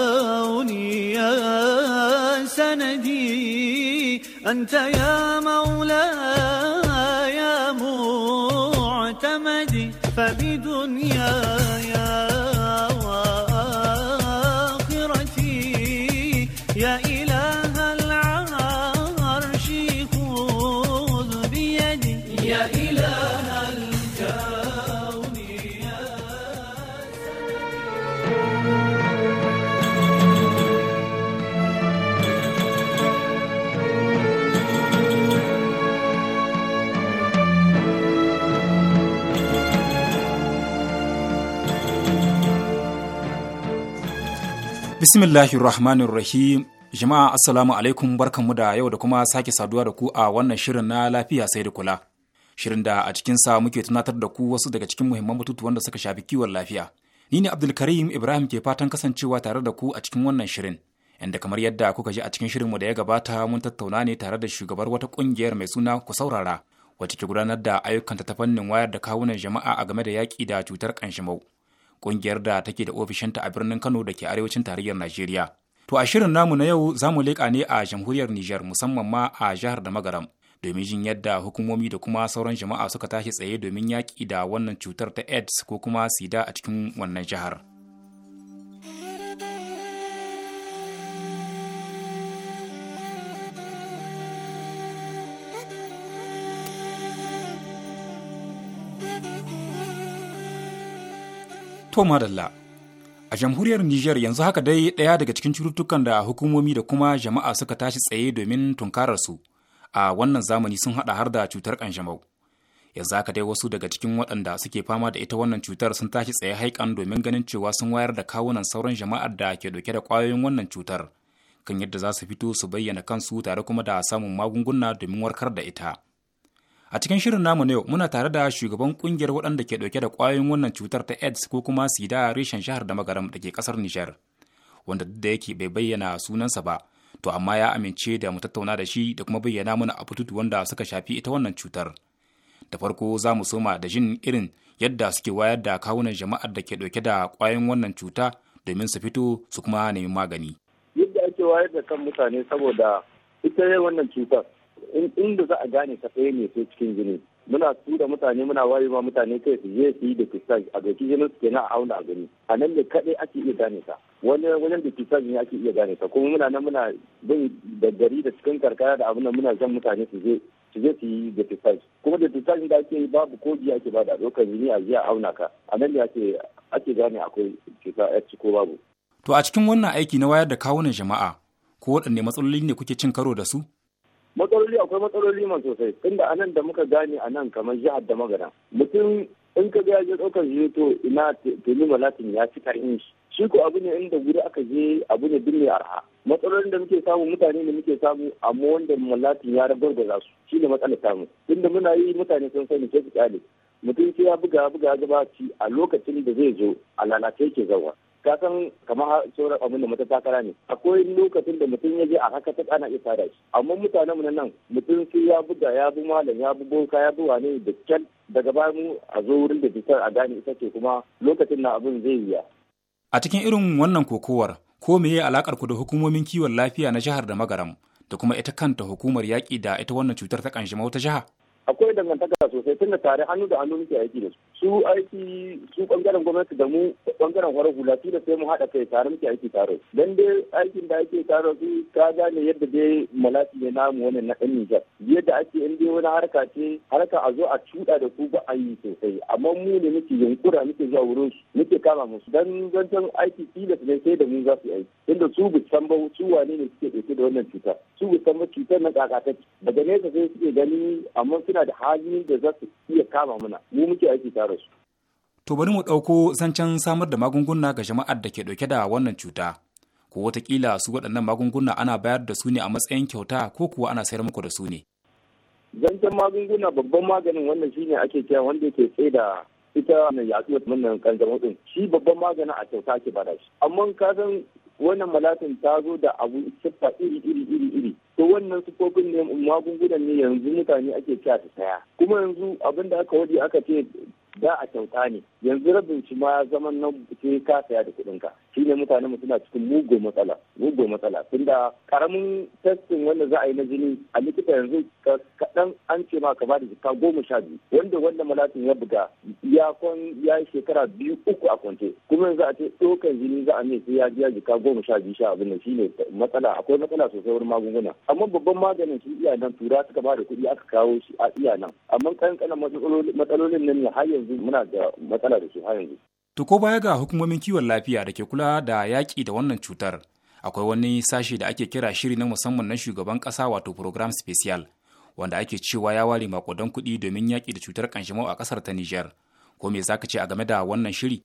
أنت يا مولاي يا معتمدي فبي Bismillahirrahmanirrahim. Jama'a Assalamu alaikum mu da yau da kuma sake saduwa da ku a wannan shirin na lafiya sai da kula. Shirin da a cikinsa muke tunatar da ku wasu daga cikin muhimman batutuwan da suka shafi kiwon lafiya. Ni ne Abdulkarim Ibrahim ke fatan kasancewa tare da ku a cikin wannan shirin. Inda kamar yadda kuka ji a cikin shirinmu da ya gabata mun tattauna ne tare da shugabar wata kungiyar mai suna ku saurara wacce ke gudanar da ayyukanta ta fannin wayar da kawunan jama'a a game da yaƙi da cutar ƙanshimau. ƙungiyar da take da ofishinta a birnin Kano da ke arewacin tarayyar Najeriya. To a shirin namu na yau za mu leƙa ne a jamhuriyar Nijar musamman ma a jihar da Magaram domin jin yadda hukumomi da kuma sauran jama'a suka tashi tsaye domin yaƙi da wannan cutar ta AIDS ko kuma sida a cikin wannan jihar. To madalla. A jamhuriyar Nijar yanzu haka dai ɗaya daga cikin cututtukan da hukumomi da kuma jama'a suka tashi tsaye domin tunkarar su a wannan zamani sun haɗa har da cutar kanjamau Yanzu haka dai wasu daga cikin waɗanda suke fama da ita wannan cutar sun tashi tsaye haikan domin ganin cewa sun wayar da kawunan sauran jama'ar da ke ɗauke da ƙwayoyin wannan cutar kan yadda za su fito su bayyana kansu tare kuma da samun magunguna domin warkar da ita. A cikin shirin namu na yau muna tare da shugaban kungiyar waɗanda ke ɗauke da ƙwayoyin wannan cutar ta AIDS ko kuma sida reshen shahar da magaram da ke ƙasar Nijar, wanda duk da yake bai bayyana sunansa ba, to amma ya amince da mu tattauna da shi da kuma bayyana mana a abututu wanda suka shafi ita wannan cutar. Da farko za mu soma da jin irin yadda suke wayar da kawunan jama'ar da ke ɗauke da ƙwayoyin wannan cuta domin su fito su kuma nemi magani. Yadda ake wayar da kan mutane saboda ita wannan cutar in inda za a gane ka tsaye ne sai cikin jini muna tura mutane muna ma mutane kai su je su yi da pistage a doki jinin su kenan a auna a gani a nan ne kaɗai ake iya gane ta wani wajen da pistage ne ake iya gane ta kuma muna nan muna bin da gari da cikin karkara da abin muna jan mutane su je su je su yi da pistage kuma da pistage da ake yi babu kogi ake bada da ɗaukar jini a je a auna ka a nan ne ake ake gane akwai cuta ya ko babu. To a cikin wannan aiki na wayar da kawunan jama'a ko waɗanne matsaloli ne kuke cin karo da su? matsaloli akwai matsaloli man sosai tunda anan da muka gane anan kamar jihar da magana mutum in ka ga ya je ɗaukar shi to ina tuni malatin ya fi karhin shi shi ko abu ne inda guri aka je abu ne duk arha matsalolin da muke samu mutane ne muke samu amma wanda malatin ya da su shi ne matsalar samu tunda muna yi mutane sun sani ke su kyale mutum sai ya buga buga gaba a lokacin da zai zo a lalace ke zawa ka san kamar sauran abin da mata takara ne akwai lokacin da mutum ya je a haka ta ana isa da shi amma mutanen mu nan mutum sai ya buga ya bi malam ya bi boka ya bi wane da kyan daga baya mu a zo wurin da bitar a gane ita ce kuma lokacin na abin zai yiya a cikin irin wannan kokowar ko meye alakar ku da hukumomin kiwon lafiya na jihar da magaram da kuma ita kanta hukumar yaƙi da ita wannan cutar ta kanshi wata jiha akwai dangantaka sosai tunda tare hannu da hannu muke aiki da su su aiki su bangaren gwamnati da mu bangaren kwarar hula su da sai mu haɗa kai tare muke aiki tare dan dai aikin da ake tare su ka gane yadda dai malaki ne namu wannan na ɗan Nijar yadda ake in dai wani harka ce harka a zo a cuɗa da su ba a yi sosai amma mu ne muke yunkura muke zuwa wurin su muke kama musu dan zancen aiki tilas ne sai da mu za su aiki inda su bu san ba su wane ne suke ɗauke da wannan cutar su bu san ba cutar na kakata daga nesa sai suke gani amma suna da hali da za su iya kama muna mu muke aiki tare su. To bari mu ɗauko zancen samar da magunguna ga jama'ar da ke ɗauke da wannan cuta. Ko watakila su waɗannan magunguna ana bayar da su ne a matsayin kyauta ko kuwa ana sayar muku da su ne. Zancen magunguna babban maganin wannan ne ake kira wanda ke tsaye da ita mai wata wannan kanjamau din shi babban maganin a kyauta ake bada shi amma ka san wannan malatin ta zo da abu siffa iri iri iri iri to wannan sifofin ne magungunan ne yanzu mutane ake kya ta saya kuma yanzu abin da aka waje aka ce da a kyauta ne yanzu rabin shi ma zaman nan sai ka saya da kuɗinka shi ne mutane mu suna cikin mugun matsala mugun matsala tunda karamin testing wanda za a yi na jini a likita yanzu kaɗan an ce ma ka ba da jika goma sha biyu wanda wanda malatin ya buga ya kon ya yi shekara biyu uku a kwance kuma yanzu a ce ɗaukan jini za a ne sai ya biya jika goma sha biyu sha abin nan shi ne matsala akwai matsala sosai wurin magunguna amma babban maganin shi iya nan tura suka ba da kuɗi aka kawo shi a iya nan amma kankanin matsalolin nan har yanzu muna da matsala da shi har yanzu. To ko baya ga hukumomin kiwon lafiya da ke kula da yaƙi da wannan cutar, akwai wani sashe da ake kira shiri na musamman na shugaban ƙasa wato program special wanda ake cewa ya ware makodan kuɗi domin yaƙi da cutar kanjamau a ƙasar ta Nijar. Ko me za ka ce a game da wannan shiri?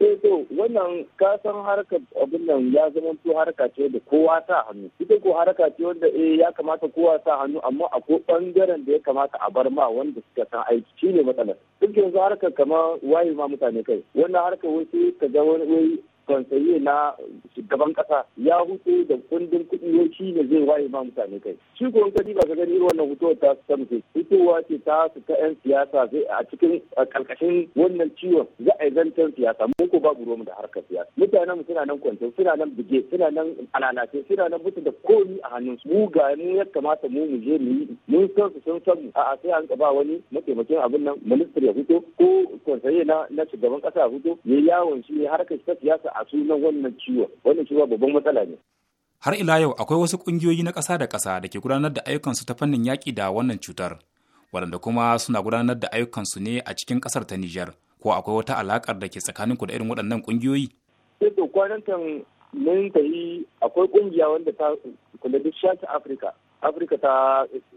Eh, wannan kasan harkar abin nan ya zama to harka ce da kowa sa hannu ita ko harka ce wanda eh ya kamata kowa sa hannu amma akwai bangaren da ya kamata a bar ma wanda suka san aiki shine matsalar duk yanzu harkar kamar waye ma mutane kai wannan harkar wasu ka ga wani konseye na shugaban kasa ya hutu da kundin kuɗi shi ne zai waye ma mutane kai shi ko ka ba ka gani wannan hutuwar ta samu mutum hutuwa ce ta su ta yan siyasa a cikin karkashin wannan ciwon za a yi zancen siyasa mu ko babu ruwanmu da harkar siyasa mutanen mu suna nan kwance suna nan buge suna nan alalace suna nan mutu da komi a hannun su mu ga mu ya kamata mu mu je mu yi mun san su sun san a'a sai an ba wani mataimakin abin nan ministry ya hutu ko konseye na na shugaban kasa ya hutu ya yawon shi harkar ta siyasa a sunan wannan ciwo wannan ciwon babban matsala ne har ila yau akwai wasu ƙungiyoyi na ƙasa da ƙasa da ke gudanar da ayyukansu ta fannin yaƙi da wannan cutar waɗanda kuma suna gudanar da ayyukansu ne a cikin ƙasar ta Nijar ko akwai wata alaƙar da ke tsakanin ku da irin waɗannan ƙungiyoyi? Yadda eh, kwanan kan mun yi akwai ƙungiya wanda ta kula duk shafi Afirka afirka ta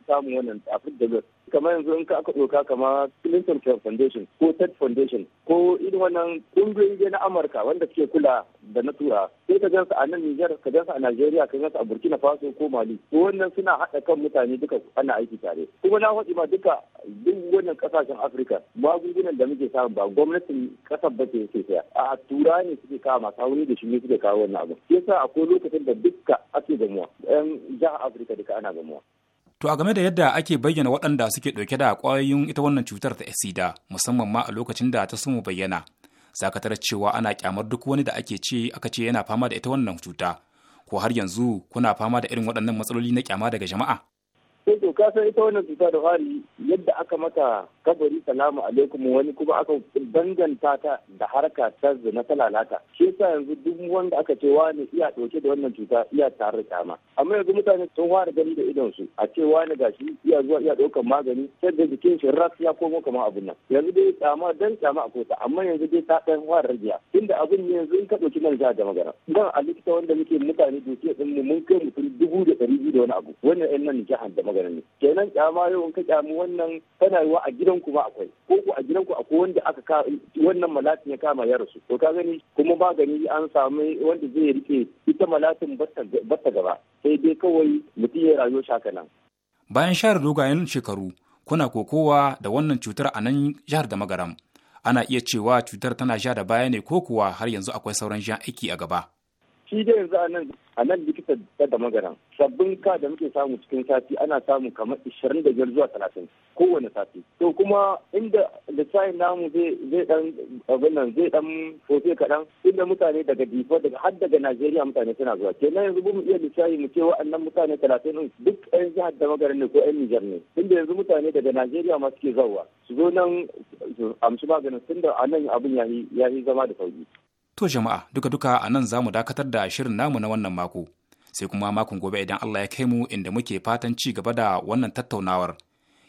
samu wannan afirka da kamar yanzu in ka aka ɗauka kamar clinton care foundation ko ted foundation ko irin wannan ƙungiyoyi na amurka wanda suke kula da na tura sai ka gansu a nan nijar ka gansu a najeriya ka gansu a burkina faso ko mali wannan suna haɗa kan mutane duka ana aiki tare kuma na faɗi ma duka duk wannan ƙasashen afirka magungunan da muke samu ba gwamnatin ƙasar ba ce ke saya a tura ne suke kawo masu aure da shi ne suke kawo wannan abu sai sa akwai lokacin da duka ake damuwa yan jihar afirka duka ana gamuwa. To a game da yadda ake bayyana waɗanda suke ɗauke da ƙwayoyin ita wannan cutar ta sida musamman ma a lokacin da ta sumu bayyana. Sakatar cewa ana kyamar duk wani da ake ce aka ce yana fama da ita wannan cuta. Ko har yanzu kuna fama da irin waɗannan matsaloli na kyama daga jama'a? Eto eh kasar ita wannan cuta da fari yadda aka mata kabari salamu alaikum wani kuma aka danganta ta da harka ta zina ta lalata shi yasa yanzu duk wanda aka ce wani iya dauke da wannan cuta iya tare da amma yanzu mutane sun fara gani da idon su a ce wani gashi iya zuwa iya daukan magani sai da jikin shi ras ya komo kamar abin nan yanzu dai kama dan kama akwai ta amma yanzu dai ta dan fara rajiya inda abin ne yanzu in ka dauki nan da magana dan a likita wanda muke mutane doke din mun kai mutum dubu da dari biyu da wani abu wannan yan nan jihar da magana ne kenan kyama yau in ka kyamu wannan tana yiwa a gidan ku ma akwai ko ku a gidan ku akwai wanda aka ka wannan malatin ya kama ya rasu to ka gani kuma magani an samu wanda zai rike ita malatin batta gaba sai dai kawai mutum ya rayu shaka nan bayan share dogayen shekaru kuna kokowa da wannan cutar a nan jihar da magaram ana iya cewa cutar tana sha da baya ne ko kuwa har yanzu akwai sauran shan aiki a gaba shi da yanzu a nan a nan likita ta da magana sabbin ka da muke samu cikin sati ana samu kamar ishirin da biyar zuwa talatin kowane sati to kuma inda lissafin namu zai dan abin nan zai dan sosai kaɗan inda mutane daga difo daga har daga najeriya mutane suna zuwa kenan yanzu mu iya lissafi mu ce wa'annan mutane talatin ɗin duk yan jihar da magaran ne ko yan nijar ne inda yanzu mutane daga najeriya ma suke zauwa su zo nan amshi maganin tunda a nan abin ya yi zama da sauki To jama'a duka-duka a nan za mu dakatar da shirin namu na wannan mako. Sai kuma makon gobe idan Allah ya kai mu inda muke fatan ci gaba da wannan tattaunawar.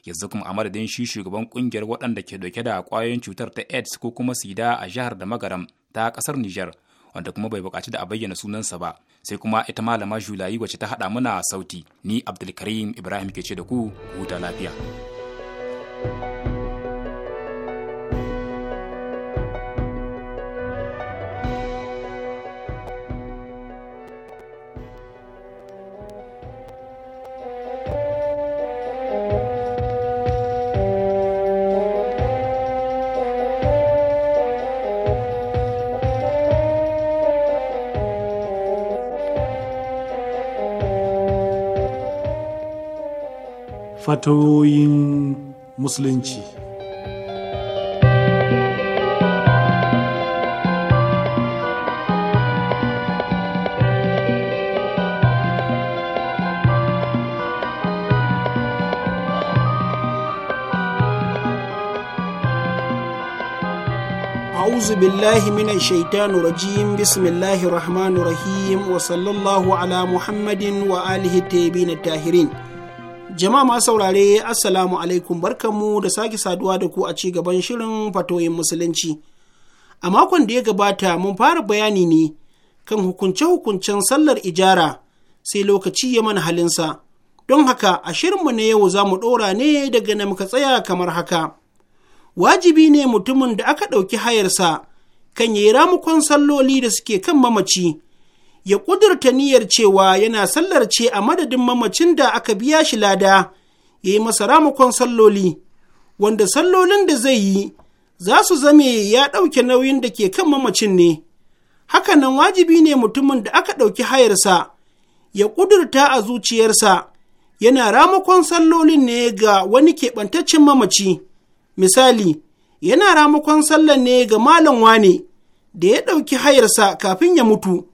Yanzu kuma a madadin shi shugaban kungiyar waɗanda ke dauke da ƙwayoyin cutar ta AIDS ko kuma sida a jihar da magaram ta ƙasar Nijar wanda kuma bai buƙaci da a bayyana sunansa ba. Sai kuma ita malama Julayi wacce ta haɗa mana sauti. Ni Abdulkarim Ibrahim ke ce da ku huta lafiya. fatoyin musulunci. Auzu mina shaitanu rajim bismillahi rahmanu rahim wa sallallahu ala muhammadin wa alihi tebi na tahirin. Jama'a masu saurare Assalamu alaikum barkanmu da sake saduwa da ku a ci gaban shirin fatoyin musulunci. A makon da ya gabata mun fara bayani ne kan hukunce-hukuncen sallar ijara sai lokaci ya mana halinsa. Don haka a shirinmu na yau za mu ɗora ne daga na muka tsaya kamar haka. Wajibi ne mutumin da aka ɗauki hayarsa kan yi ramukon salloli da suke kan mamaci ya ƙudurta niyyar cewa yana sallar ce a madadin mamacin da aka biya shi lada ya yi masa ramukon salloli wanda sallolin da zai yi za su zame ya ɗauke nauyin da ke kan mamacin ne hakanan wajibi ne mutumin da aka ɗauki hayarsa ya ƙudurta a zuciyarsa yana ramukon sallolin ne ga wani keɓantaccen mamaci misali yana ramukon sallan ne ga malam wane da ya ɗauki hayarsa kafin ya mutu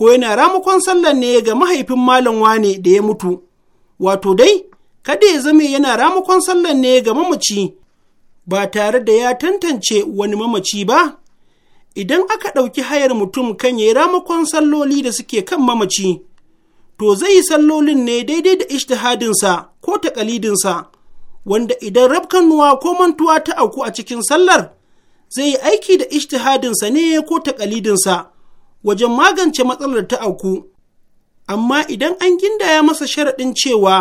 ko yana ramukon sallar ne ga mahaifin malam wane da ya mutu wato dai kada ya zame yana ramukon sallar ne ga mamaci ba tare da ya tantance wani mamaci ba idan aka ɗauki hayar mutum kan ya ramakon salloli da suke kan mamaci to zai yi sallolin ne daidai da ishtihadinsa ko takalidinsa wanda idan rabkanuwa ko mantuwa ta auku a cikin sallar zai yi aiki da ishtihadinsa ne ko takalidinsa wajen magance matsalar ta auku, amma idan an gindaya masa sharaɗin cewa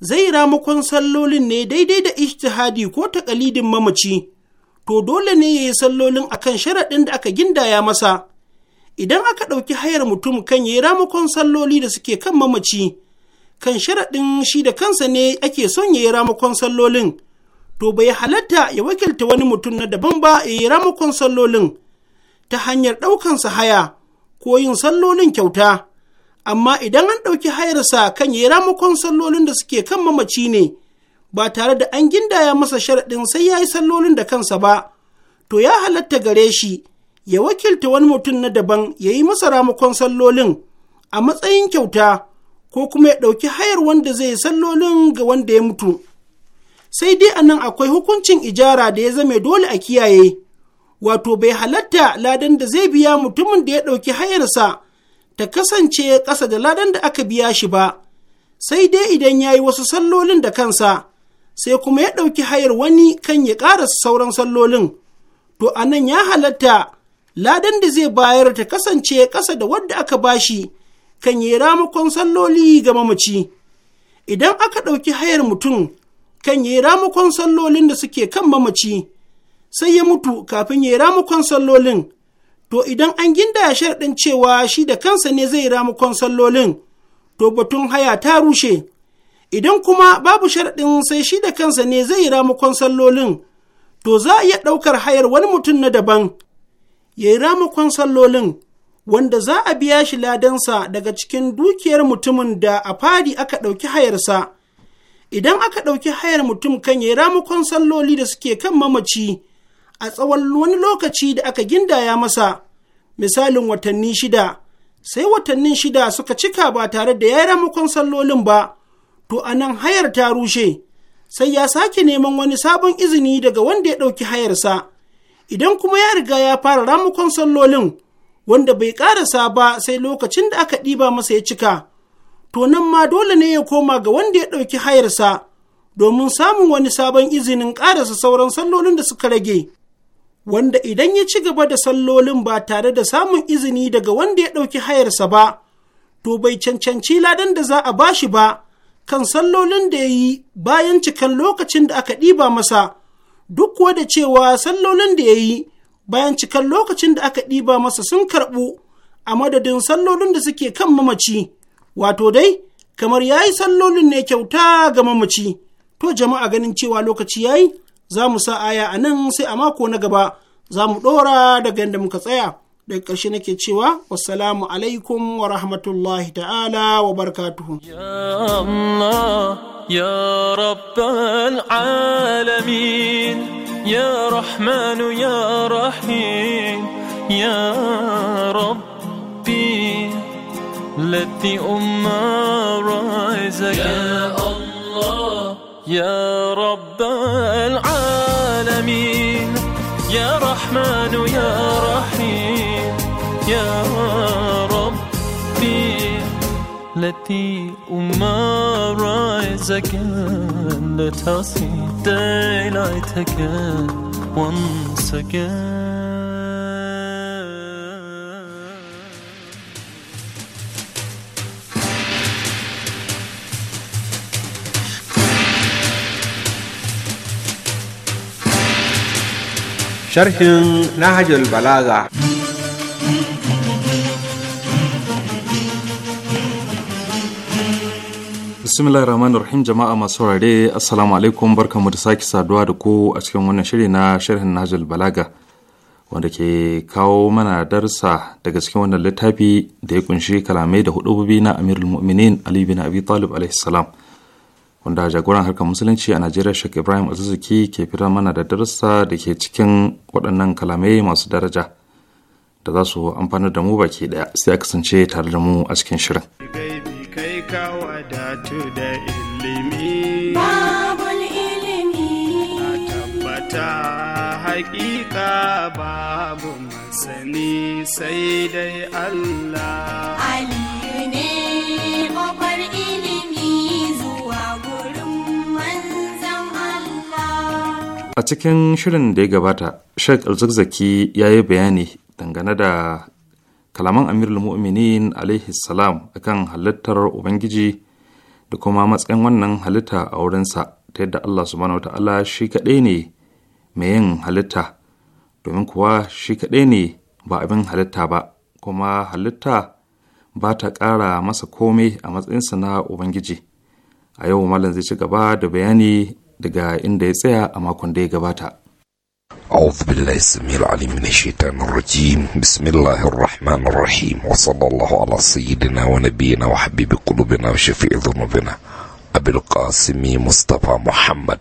zai ramakon sallolin ne daidai da ijtihadi ko ƙalidin mamaci, to dole ne ya yi sallolin a kan sharaɗin da aka gindaya masa. Idan aka ɗauki hayar mutum kan ya yi ramakon salloli da suke kan mamaci, kan sharaɗin shi da kansa ne ake son ya yi ramakon sallolin, to bai halatta ya wakilta wani mutum na daban ba ya yi ramakon sallolin ta hanyar ɗaukansa haya ko yin sallolin kyauta, amma idan an ɗauki hayarsa kan ya ramakon sallolin da suke kan mamaci ne, ba tare da an gindaya masa sharaɗin sai ya yi sallolin da kansa ba, to ya halatta gare shi ya wakilta wani mutum na daban ya yi masa ramakon sallolin a matsayin kyauta ko kuma ya ɗauki hayar wanda zai yi sallolin ga wanda ya mutu. Sai dai a nan akwai hukuncin ijara da ya zame dole a kiyaye. wato bai halatta ladan da zai biya mutumin da ya ɗauki hayarsa ta kasance ƙasa da ladan da aka biya shi ba, sai dai idan ya yi wasu sallolin da kansa, sai kuma ya ɗauki hayar wani kan ya ƙara sauran sallolin, to a nan ya halatta ladan da zai bayar ta kasance ƙasa da wadda aka bashi kan yi ramakon salloli ga mamaci. Idan aka ɗauki hayar mutum kan yi ramakon sallolin da suke kan mamaci. sai ya mutu kafin ya yi sallolin to idan an gindaya sharɗin cewa shi da kansa ne zai ramukon sallolin to batun haya ta rushe idan kuma babu sharɗin sai shi da kansa ne zai yi sallolin to za a iya ɗaukar hayar wani mutum na daban ya yi sallolin wanda za a biya shi ladansa daga cikin dukiyar mutumin da a fari aka ɗauki hayarsa idan aka ɗauki hayar mutum kan ya yi salloli da suke kan mamaci a tsawon wani lokaci da aka gindaya masa misalin watanni shida sai watanni shida suka cika ba tare da ya yi ramakon sallolin ba to a nan hayar ta rushe sai ya sake neman wani sabon izini daga wanda ya ɗauki hayarsa idan kuma ya riga ya fara ramakon sallolin wanda bai ƙarasa ba sai lokacin da aka ɗiba masa ya cika to nan ma dole ne ya koma ga wanda ya ɗauki hayarsa domin samun wani sabon izinin ƙarasa sauran sallolin da suka rage wanda idan ya ci gaba da sallolin ba tare da samun izini daga wanda ya ɗauki hayarsa ba, to bai cancanci ladan da za a ba shi ba kan sallolin da ya yi bayan cikan lokacin da aka ɗiba masa, duk kuwa da cewa sallolin da ya yi bayan cikan lokacin da aka ɗiba masa sun karɓu a madadin sallolin da suke kan mamaci, wato dai kamar ya yi sallolin ne kyauta ga mamaci, to jama'a ganin cewa lokaci ya yi. za mu sa aya a nan sai a mako na gaba za mu ɗora daga yadda muka tsaya daga ƙarshe nake cewa wassalamu alaikum wa rahmatullahi ta'ala wa barakatuhu ya Allah ya rabbal alamin ya rahman ya rahim ya rabbi lati umma ya Allah ya rabbal alamin يا رحمن يا رحيم يا ربي التي أمار عايزك لا تعصي ديلعتك وانسك sharhin Nahajul Balaga. bismillahir rahmanir rahim jama'a masu saurare assalamu alaikum barkamu da sake saduwa da ku a cikin wannan shiri na sharhin najul balaga wanda ke kawo mana darsa daga cikin wannan littafi da ya kunshi kalamai da hudububi na amirul mu'minin ali bin abi talib alaihi salam wanda jagoran harkar musulunci a najeriya shek ibrahim azuzuki ke fitar mana da darussa da ke cikin waɗannan kalamai masu daraja da za su amfanar da mu baki ɗaya sai a kasance tare da mu a cikin shirin Hakika babu masani sai dai Allah. A cikin shirin da ya gabata, Sheikh al-zakzaki ya yi bayani dangane da kalaman Amir Muminin alaihi salam akan halittar Ubangiji da kuma matsayin wannan halitta a wurinsa ta yadda Allah subhanahu wata'ala shi kaɗai ne mai yin halitta, domin kuwa shi kaɗai ne ba abin halitta ba, kuma halitta ba ta ƙara masa komai a matsayinsa na Ubangiji. A yau Malam zai ci gaba da bayani daga inda ya tsaya a makon da ya gabata. أعوذ بالله السميع العليم من الشيطان الرجيم بسم الله الرحمن الرحيم وصلى الله على سيدنا ونبينا وحبيب قلوبنا وشفيع ذنوبنا أبي القاسم مصطفى محمد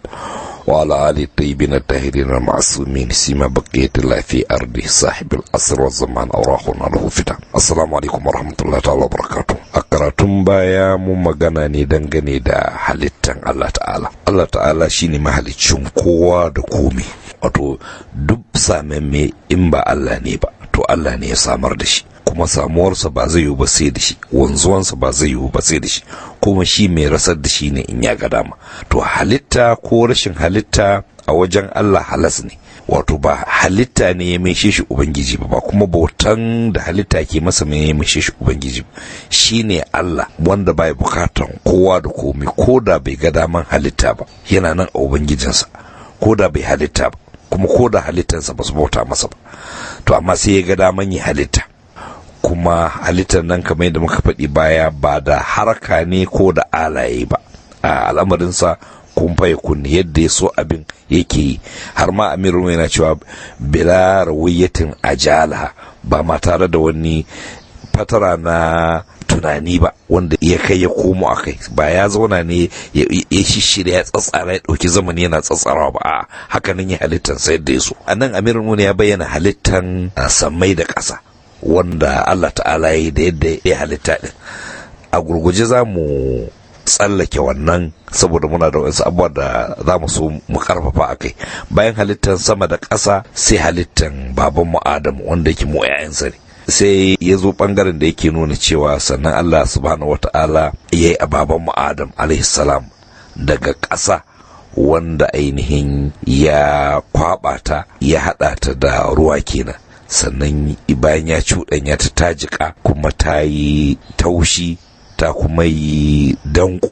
وعلى آل الطيبين الطاهرين المعصومين سيما بقية الله في أرضه صاحب الأسر والزمان أوراقنا له فتا السلام عليكم ورحمة الله تعالى وبركاته أكرتم بايام مغناني دنغني دا حالتان الله تعالى الله تعالى شيني محالي كوا دكومي أتو دب سامي إمبا الله نيبا تو الله to Allah kuma samuwarsa ba zai yiwu ba sai da shi wanzuwansa ba zai yiwu ba sai da shi kuma shi mai rasar da shi ne in ya ga dama to halitta ko rashin halitta a wajen Allah halas ne wato ba halitta ne ya mai shi ubangiji ba kuma bautan da halitta ke masa mai ya maishe shi ubangiji shi ne Allah wanda bai bukatan kowa da komai ko da bai ga daman halitta ba yana nan a ubangijinsa ko da bai halitta ba kuma ko da halittarsa ba su bauta masa ba to amma sai ya ga daman yi halitta kuma halittar nan kamar yadda muka faɗi baya ba da haraka ne ko da alaye ba a al'amarinsa kun faye kunne yadda ya so abin yake yi har ma amir yana cewa bila rawayatin ajala ba ma tare da wani fatara na tunani ba wanda ya kai ya komo a kai ba ya zauna ne ya shirya ya tsatsara ya ɗauki zamani yana tsatsarawa ba a hakanan ya halittan sai da ya so a nan amir ya bayyana halittan Samai da ƙasa wanda Allah ta'ala yi da yadda ya halitta din a gurguje za mu tsallake wannan saboda muna da wasu abubuwa da za mu so mu karfafa a kai bayan halittar sama da ƙasa sai halittar babanmu adamu wanda yake mu 'ya'yansa ne sai ya zo bangaren da yake nuna cewa sannan Allah subhanahu wata'ala ya yi a babanmu adam alaihi salam daga ƙasa wanda ainihin ya kwaɓa ta ya haɗa ta da ruwa kenan sannan bayan ya cuɗanya ta ta jiƙa kuma ta yi taushi ta kuma yi danko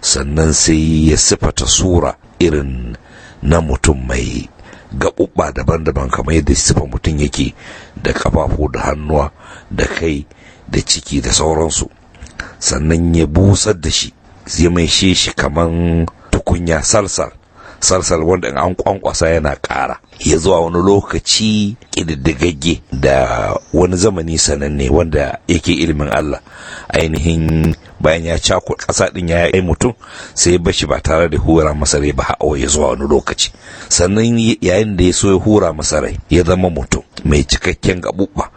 sannan sai ya sifata sura irin na mutum mai gaɓuɓɓa daban-daban kamar yadda sifa mutum yake da ƙafafu da hannuwa da kai da ciki da sauransu sannan ya busar da shi zai mai shi shi kaman tukunya salsal sarsal wanda in an kwankwasa yana ƙara ya zuwa wani lokaci ƙididdigagge da wani zamani sananne wanda yake ilimin Allah ainihin bayan ya cako ƙasa ɗin ya yi mutum sai ya bashi ba tare da hura masarai ba hawa ya zuwa wani lokaci sannan yayin da ya so ya hura masarai, ya zama mutum mai cikakken gaɓuɓɓa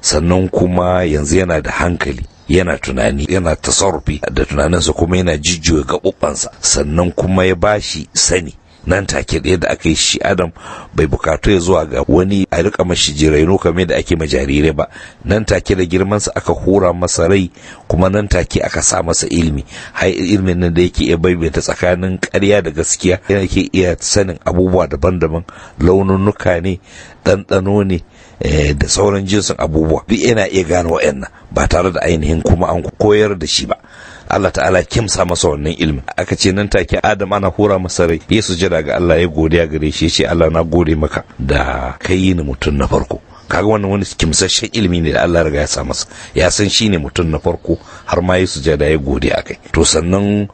sannan kuma yanzu yana da hankali yana tunani yana tasarrufi da tunaninsa kuma yana jijjiwa gaɓuɓɓansa sannan kuma ya bashi sani nan take ɗaya da aka yi shi adam bai bukatu ya zuwa ga wani a rika mashi jirainu kamar da ake majarire ba nan take da girmansa aka hura masa rai kuma nan take aka sa masa ilmi har ilmin nan da yake iya baibaita tsakanin karya da gaskiya yana ke iya sanin abubuwa daban-daban nuka ne ɗanɗano ne eh, da sauran jinsin abubuwa duk yana iya gane wa'annan ba tare da ainihin kuma an koyar da shi ba Allah ta'ala kimsa masa wannan ilmin aka ce nan take Adam ana hura masa rai ya sujada ga Allah ya godiya gare shi ya ce Allah na gode maka da kai ni mutum na farko kaga wannan wani kimsasshen ilimi ne da Allah riga ya sa masa ya san ne mutum na farko har ma ya sujada ya gode a kai. to sannan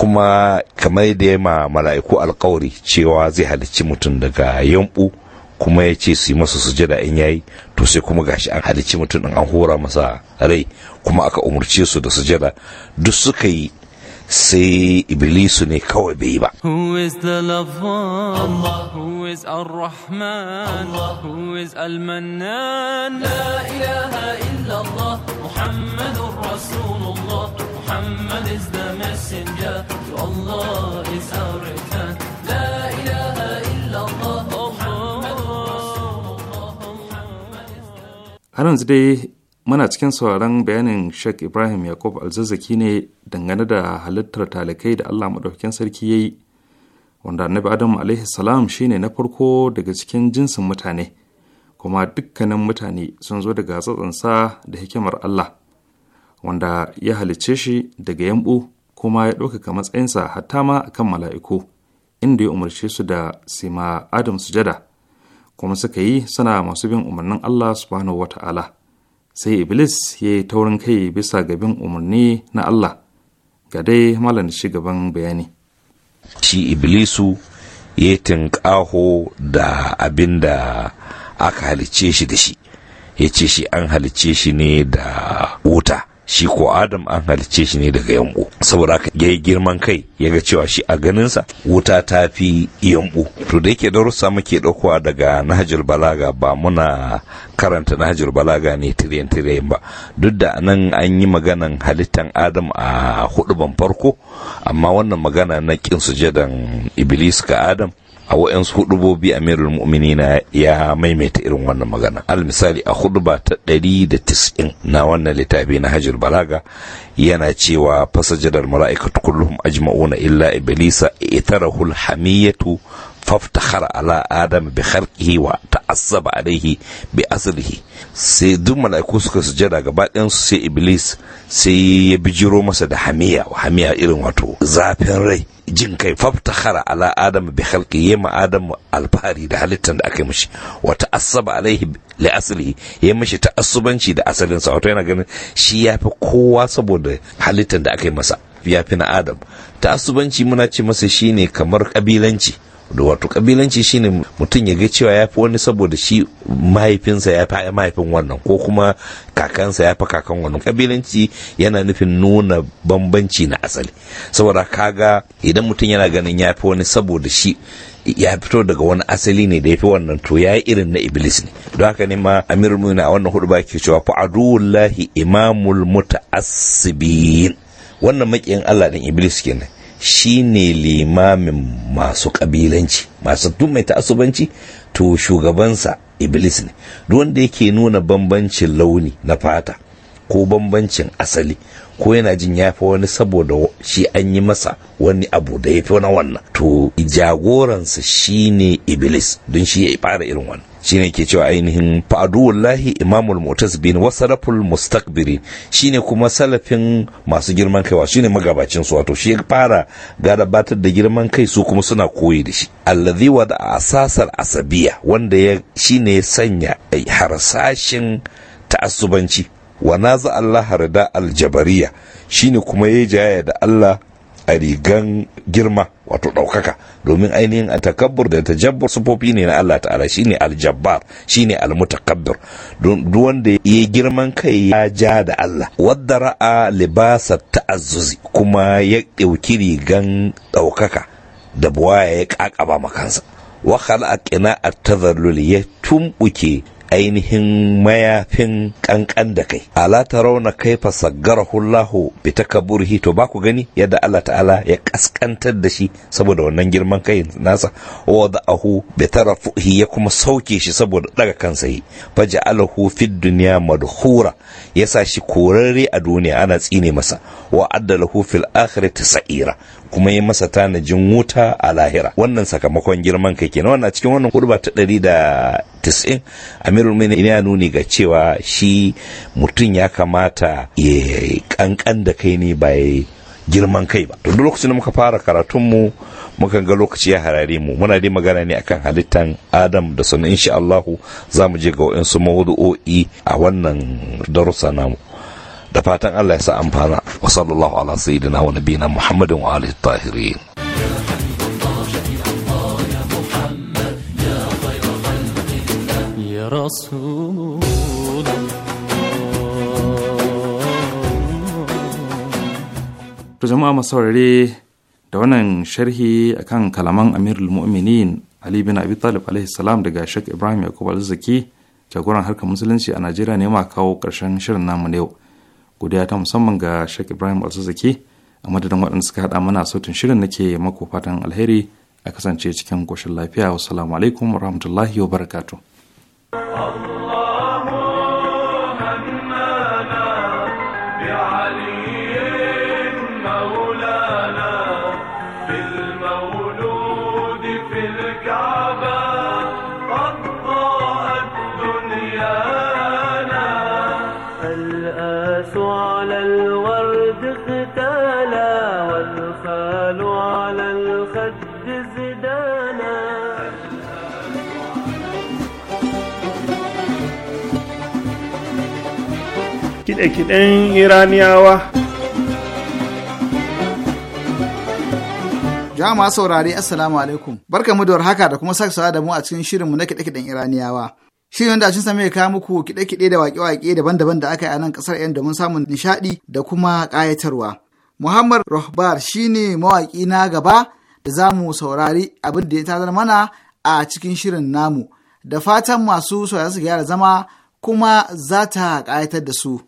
kuma kamar da ya ma mala'iku alkawari cewa zai halicci mutum daga yambu kuma ya ce su yi masa sujada in yayi to sai kuma gashi an halicci mutum din an hora masa rai kuma aka umarce su da sujada duk suka yi sai iblisu ne kawai bai yi ba who is the lover who is ar-rahman who is al-mannan la ilaha illa allah muhammadur rasulullah muhammad is the messenger to allah is our return la ilaha illa allah Muhammadur rasulullah Muhammad is the messenger. muna cikin sauraron bayanin Sheikh Ibrahim Yakub Alzazzaki ne dangane da halittar talakai da Allah maɗaukakin sarki ya yi, wanda Annabi Adamu alaihi salam shine na farko daga cikin jinsin mutane, kuma dukkanin mutane sun zo daga sa da hikimar Allah, wanda ya halicce shi daga yambu kuma ya ɗaukaka matsayinsa hatta ma akan mala'iku, inda ya umarce su da sima Adam sujada, kuma suka yi suna masu bin umarnin Allah subhanahu wa ta'ala. sai iblis ya yi taurin kai bisa gabin umarni na allah ga dai malam shi gaban bayani shi iblisu ya tinkaho da abin da aka halice shi da shi ya ce shi an halice shi ne da wuta shi ko adam an halicce shi ne daga yambo saboda haka yi girman kai ya ga cewa shi a ganinsa wuta ta fi yambo to da yake darussa muke ɗaukowa daga nahajar balaga ba muna karanta nahajar balaga ne tiriyan tiriyan ba duk da nan an yi maganan halittan adam a ban farko amma wannan magana na kin sujadan iblis ga adam a waɗansu hudubobi amirul mu'minina ya maimaita irin wannan magana al misali a huduba ta 190 na wannan littafi na hajjul balaga yana cewa fasajadar mala'ikatu kulluhum ajma'una illa iblisa itarahul hamiyatu faftakhar ala adam bi kharqihi wa ta'assaba alaihi bi aslihi sai duk mala'iku suka sujada gaba ɗayan su sai iblis sai ya bijiro masa da hamiya hamiya irin wato zafin rai jin kai faftakhara ala adam bi khalqi yema adam alfahari da halittar da aka yi mishi wa ta'assaba alaihi li aslihi ya mishi da asalin sa wato yana ganin shi yafi kowa saboda halittar da aka yi masa yafi na adam ta'assubanci muna ce masa shine kamar kabilanci da wato kabilanci shine mutum ya ga cewa ya fi wani saboda shi mahaifinsa ya fi mahaifin wannan ko kuma kakansa ya fi kakan wannan kabilanci yana nufin nuna bambanci na asali saboda kaga idan mutum yana ganin ya fi wani saboda shi ya fito daga wani asali ne da ya fi wannan to ya yi irin na iblis ne don haka ne ma amir muna a wannan hudu baki ke cewa fa aduwullahi imamul muta'assibin wannan makiyin Allah din iblis ne. shine limamin masu kabilanci masu mai asubanci to shugabansa iblis ne duk wanda yake nuna bambancin launi na fata ko bambancin asali ko yana jin ya fi wani saboda shi an yi masa wani abu da ya fi na wannan to jagoransa shine iblis don shi ya fara irin wannan shine ke cewa ainihin fa'aduwallahi imamul motas bin wasalaful mustakbiri shine kuma salafin masu girman kaiwa shine magabacin su wato shi ya fara batar da girman kai su kuma suna koyi da shi allazi wa da asasar asabiya wanda ya shine ya sanya harsashin ta'assubanci wa naza Allah rida aljabariya shine kuma ya jaya da Allah a rigan girma wato ɗaukaka domin ainihin a takabbur da tajabbur sufofi ne na Allah ta'ala shine aljabbar shine almutakabbir duk wanda ya girman kai ya ja da Allah wadda ra'a libasa ta'azzuzi kuma ya ɗauki rigan ɗaukaka da buwaya ya ƙaƙaba makansa a khala'a qina'at tazallul ya tumbuke ainihin mayafin kankan da kai ala rauna kai saggarahu Allahu bi takabburhi to ba ku gani yadda Allah ta'ala ya kaskantar da shi saboda wannan girman kai nasa wa da'ahu bi tarafuhi ya kuma sauke shi saboda daga kansa yi faj'alahu fid dunya madhura yasa shi korarre a duniya ana tsine masa wa addalahu fil akhirati sa'ira kuma yi masa tanajin wuta a lahira wannan sakamakon girman kai kenan wannan cikin wannan kurba ta ɗari da tisin eh? amiru mu'minin ina nuni ga cewa shi mutum ya kamata ya kankan da kai ne ba girman kai ba to lokacin da muka fara karatunmu mukan ga lokaci ya harare mu muna dai magana ne akan halittan adam da sannan insha Allahu za mu je ga wa'insu mawudu'o'i a wannan darussa namu da fatan Allah ya sa amfana wa sallallahu ala sayyidina wa nabiyina Muhammadin wa alihi tahirin Rasulullah To jama'a masu saurare da wannan sharhi akan kalaman Amirul Mu'minin Ali bin Abi Talib alaihi salam daga Sheikh Ibrahim Yakubu Al-Zaki jagoran harkar musulunci a Najeriya ne ma kawo karshen shirin namu na yau. Godiya ta musamman ga Sheikh Ibrahim Al-Zaki a madadin waɗanda suka haɗa mana sautin shirin nake maku fatan alheri a kasance cikin koshin lafiya. Wassalamu alaikum wa rahmatullahi wa barakatuh. Allah. kiɗe-kiɗen iraniyawa jama'a saurari assalamu alaikum barka mu da warhaka da kuma sake da mu a cikin shirinmu na kiɗe-kiɗen iraniyawa shirin wanda sa same kawo muku kiɗe-kiɗe da waƙe-waƙe daban-daban da aka yi a nan ƙasar yan domin samun nishaɗi da kuma ƙayatarwa muhammad rohbar shine mawaƙi na gaba da za mu saurari abin da ya tazar mana a cikin shirin namu da fatan masu saurari su gyara zama kuma za ta ƙayatar da su.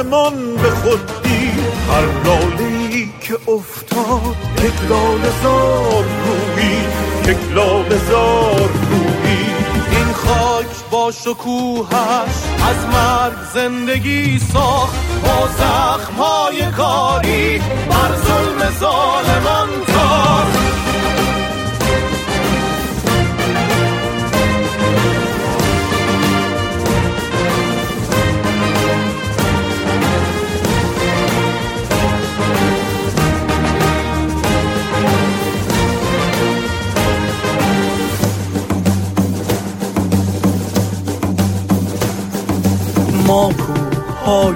آسمان به خود دید هر لالی که افتاد یک لال زار روی یک لال زار روی این خاک با شکوهش از مرگ زندگی ساخت با زخمهای کاری بر ظلم ظالمان تا. ما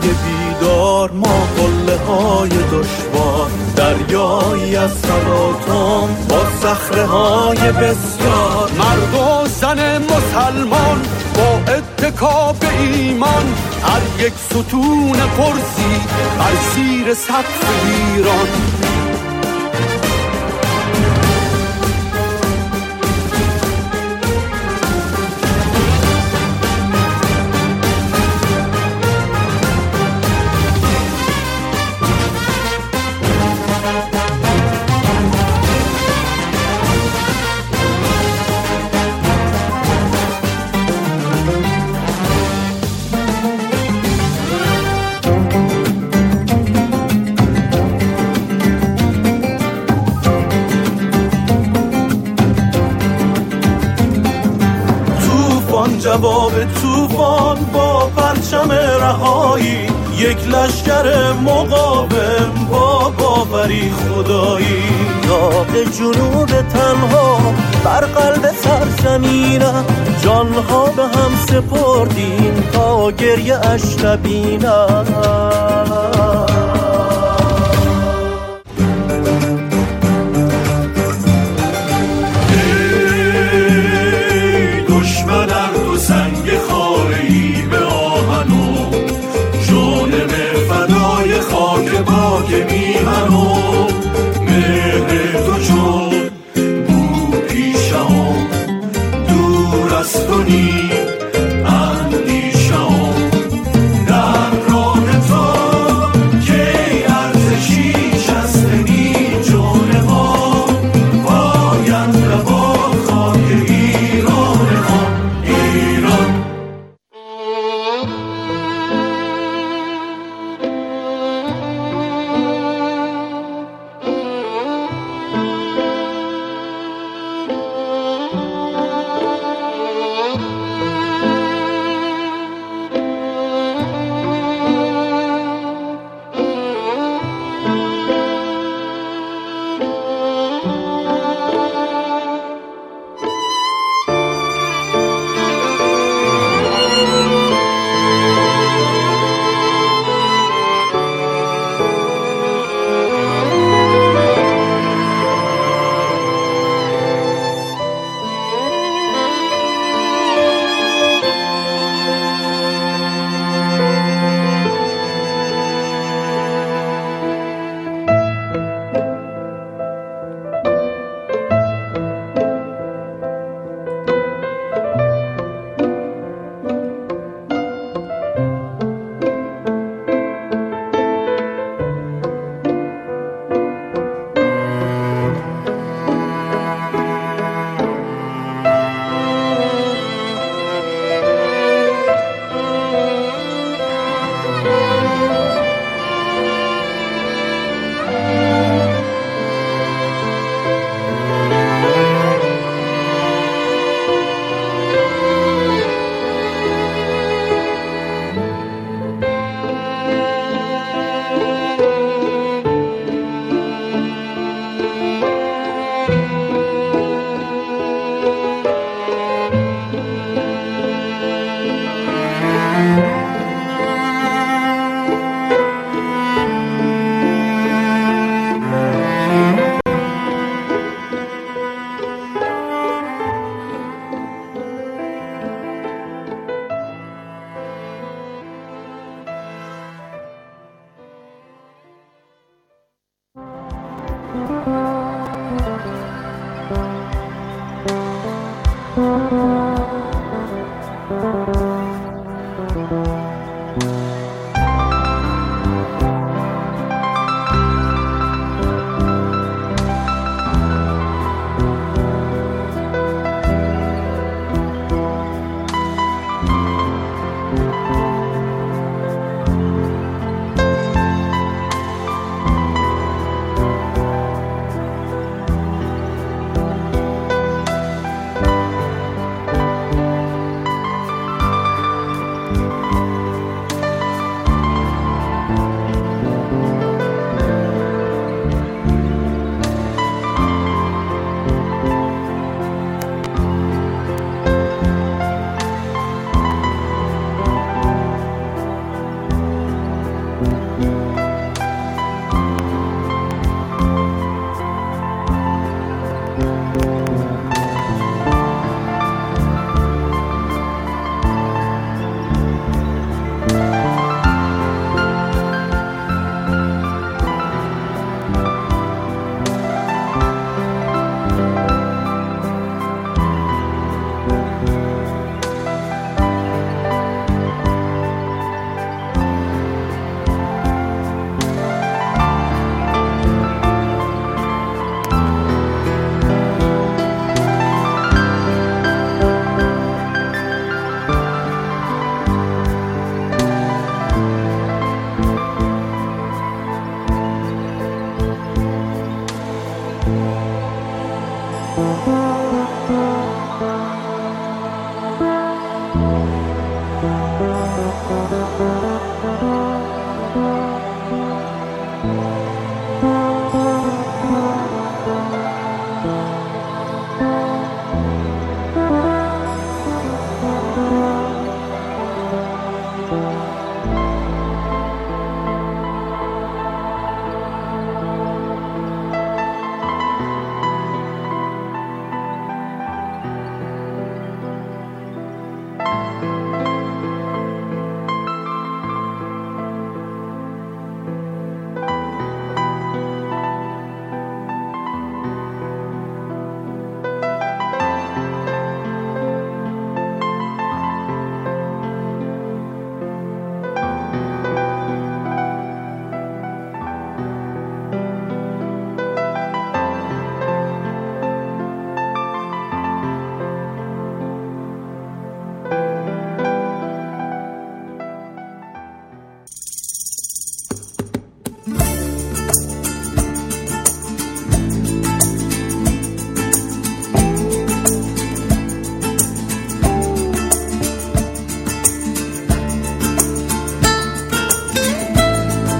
بیدار ما قله های دشوار دریایی از سراتم با صخره های بسیار مرد و زن مسلمان با اتکاب ایمان هر یک ستون پرسی بر سیر سطح ایران جواب توفان با پرچم رهایی یک لشکر مقاوم با باوری خدایی داغ جنوب تنها بر قلب سرزمینه جانها به هم سپردیم تا گریه اش نبینم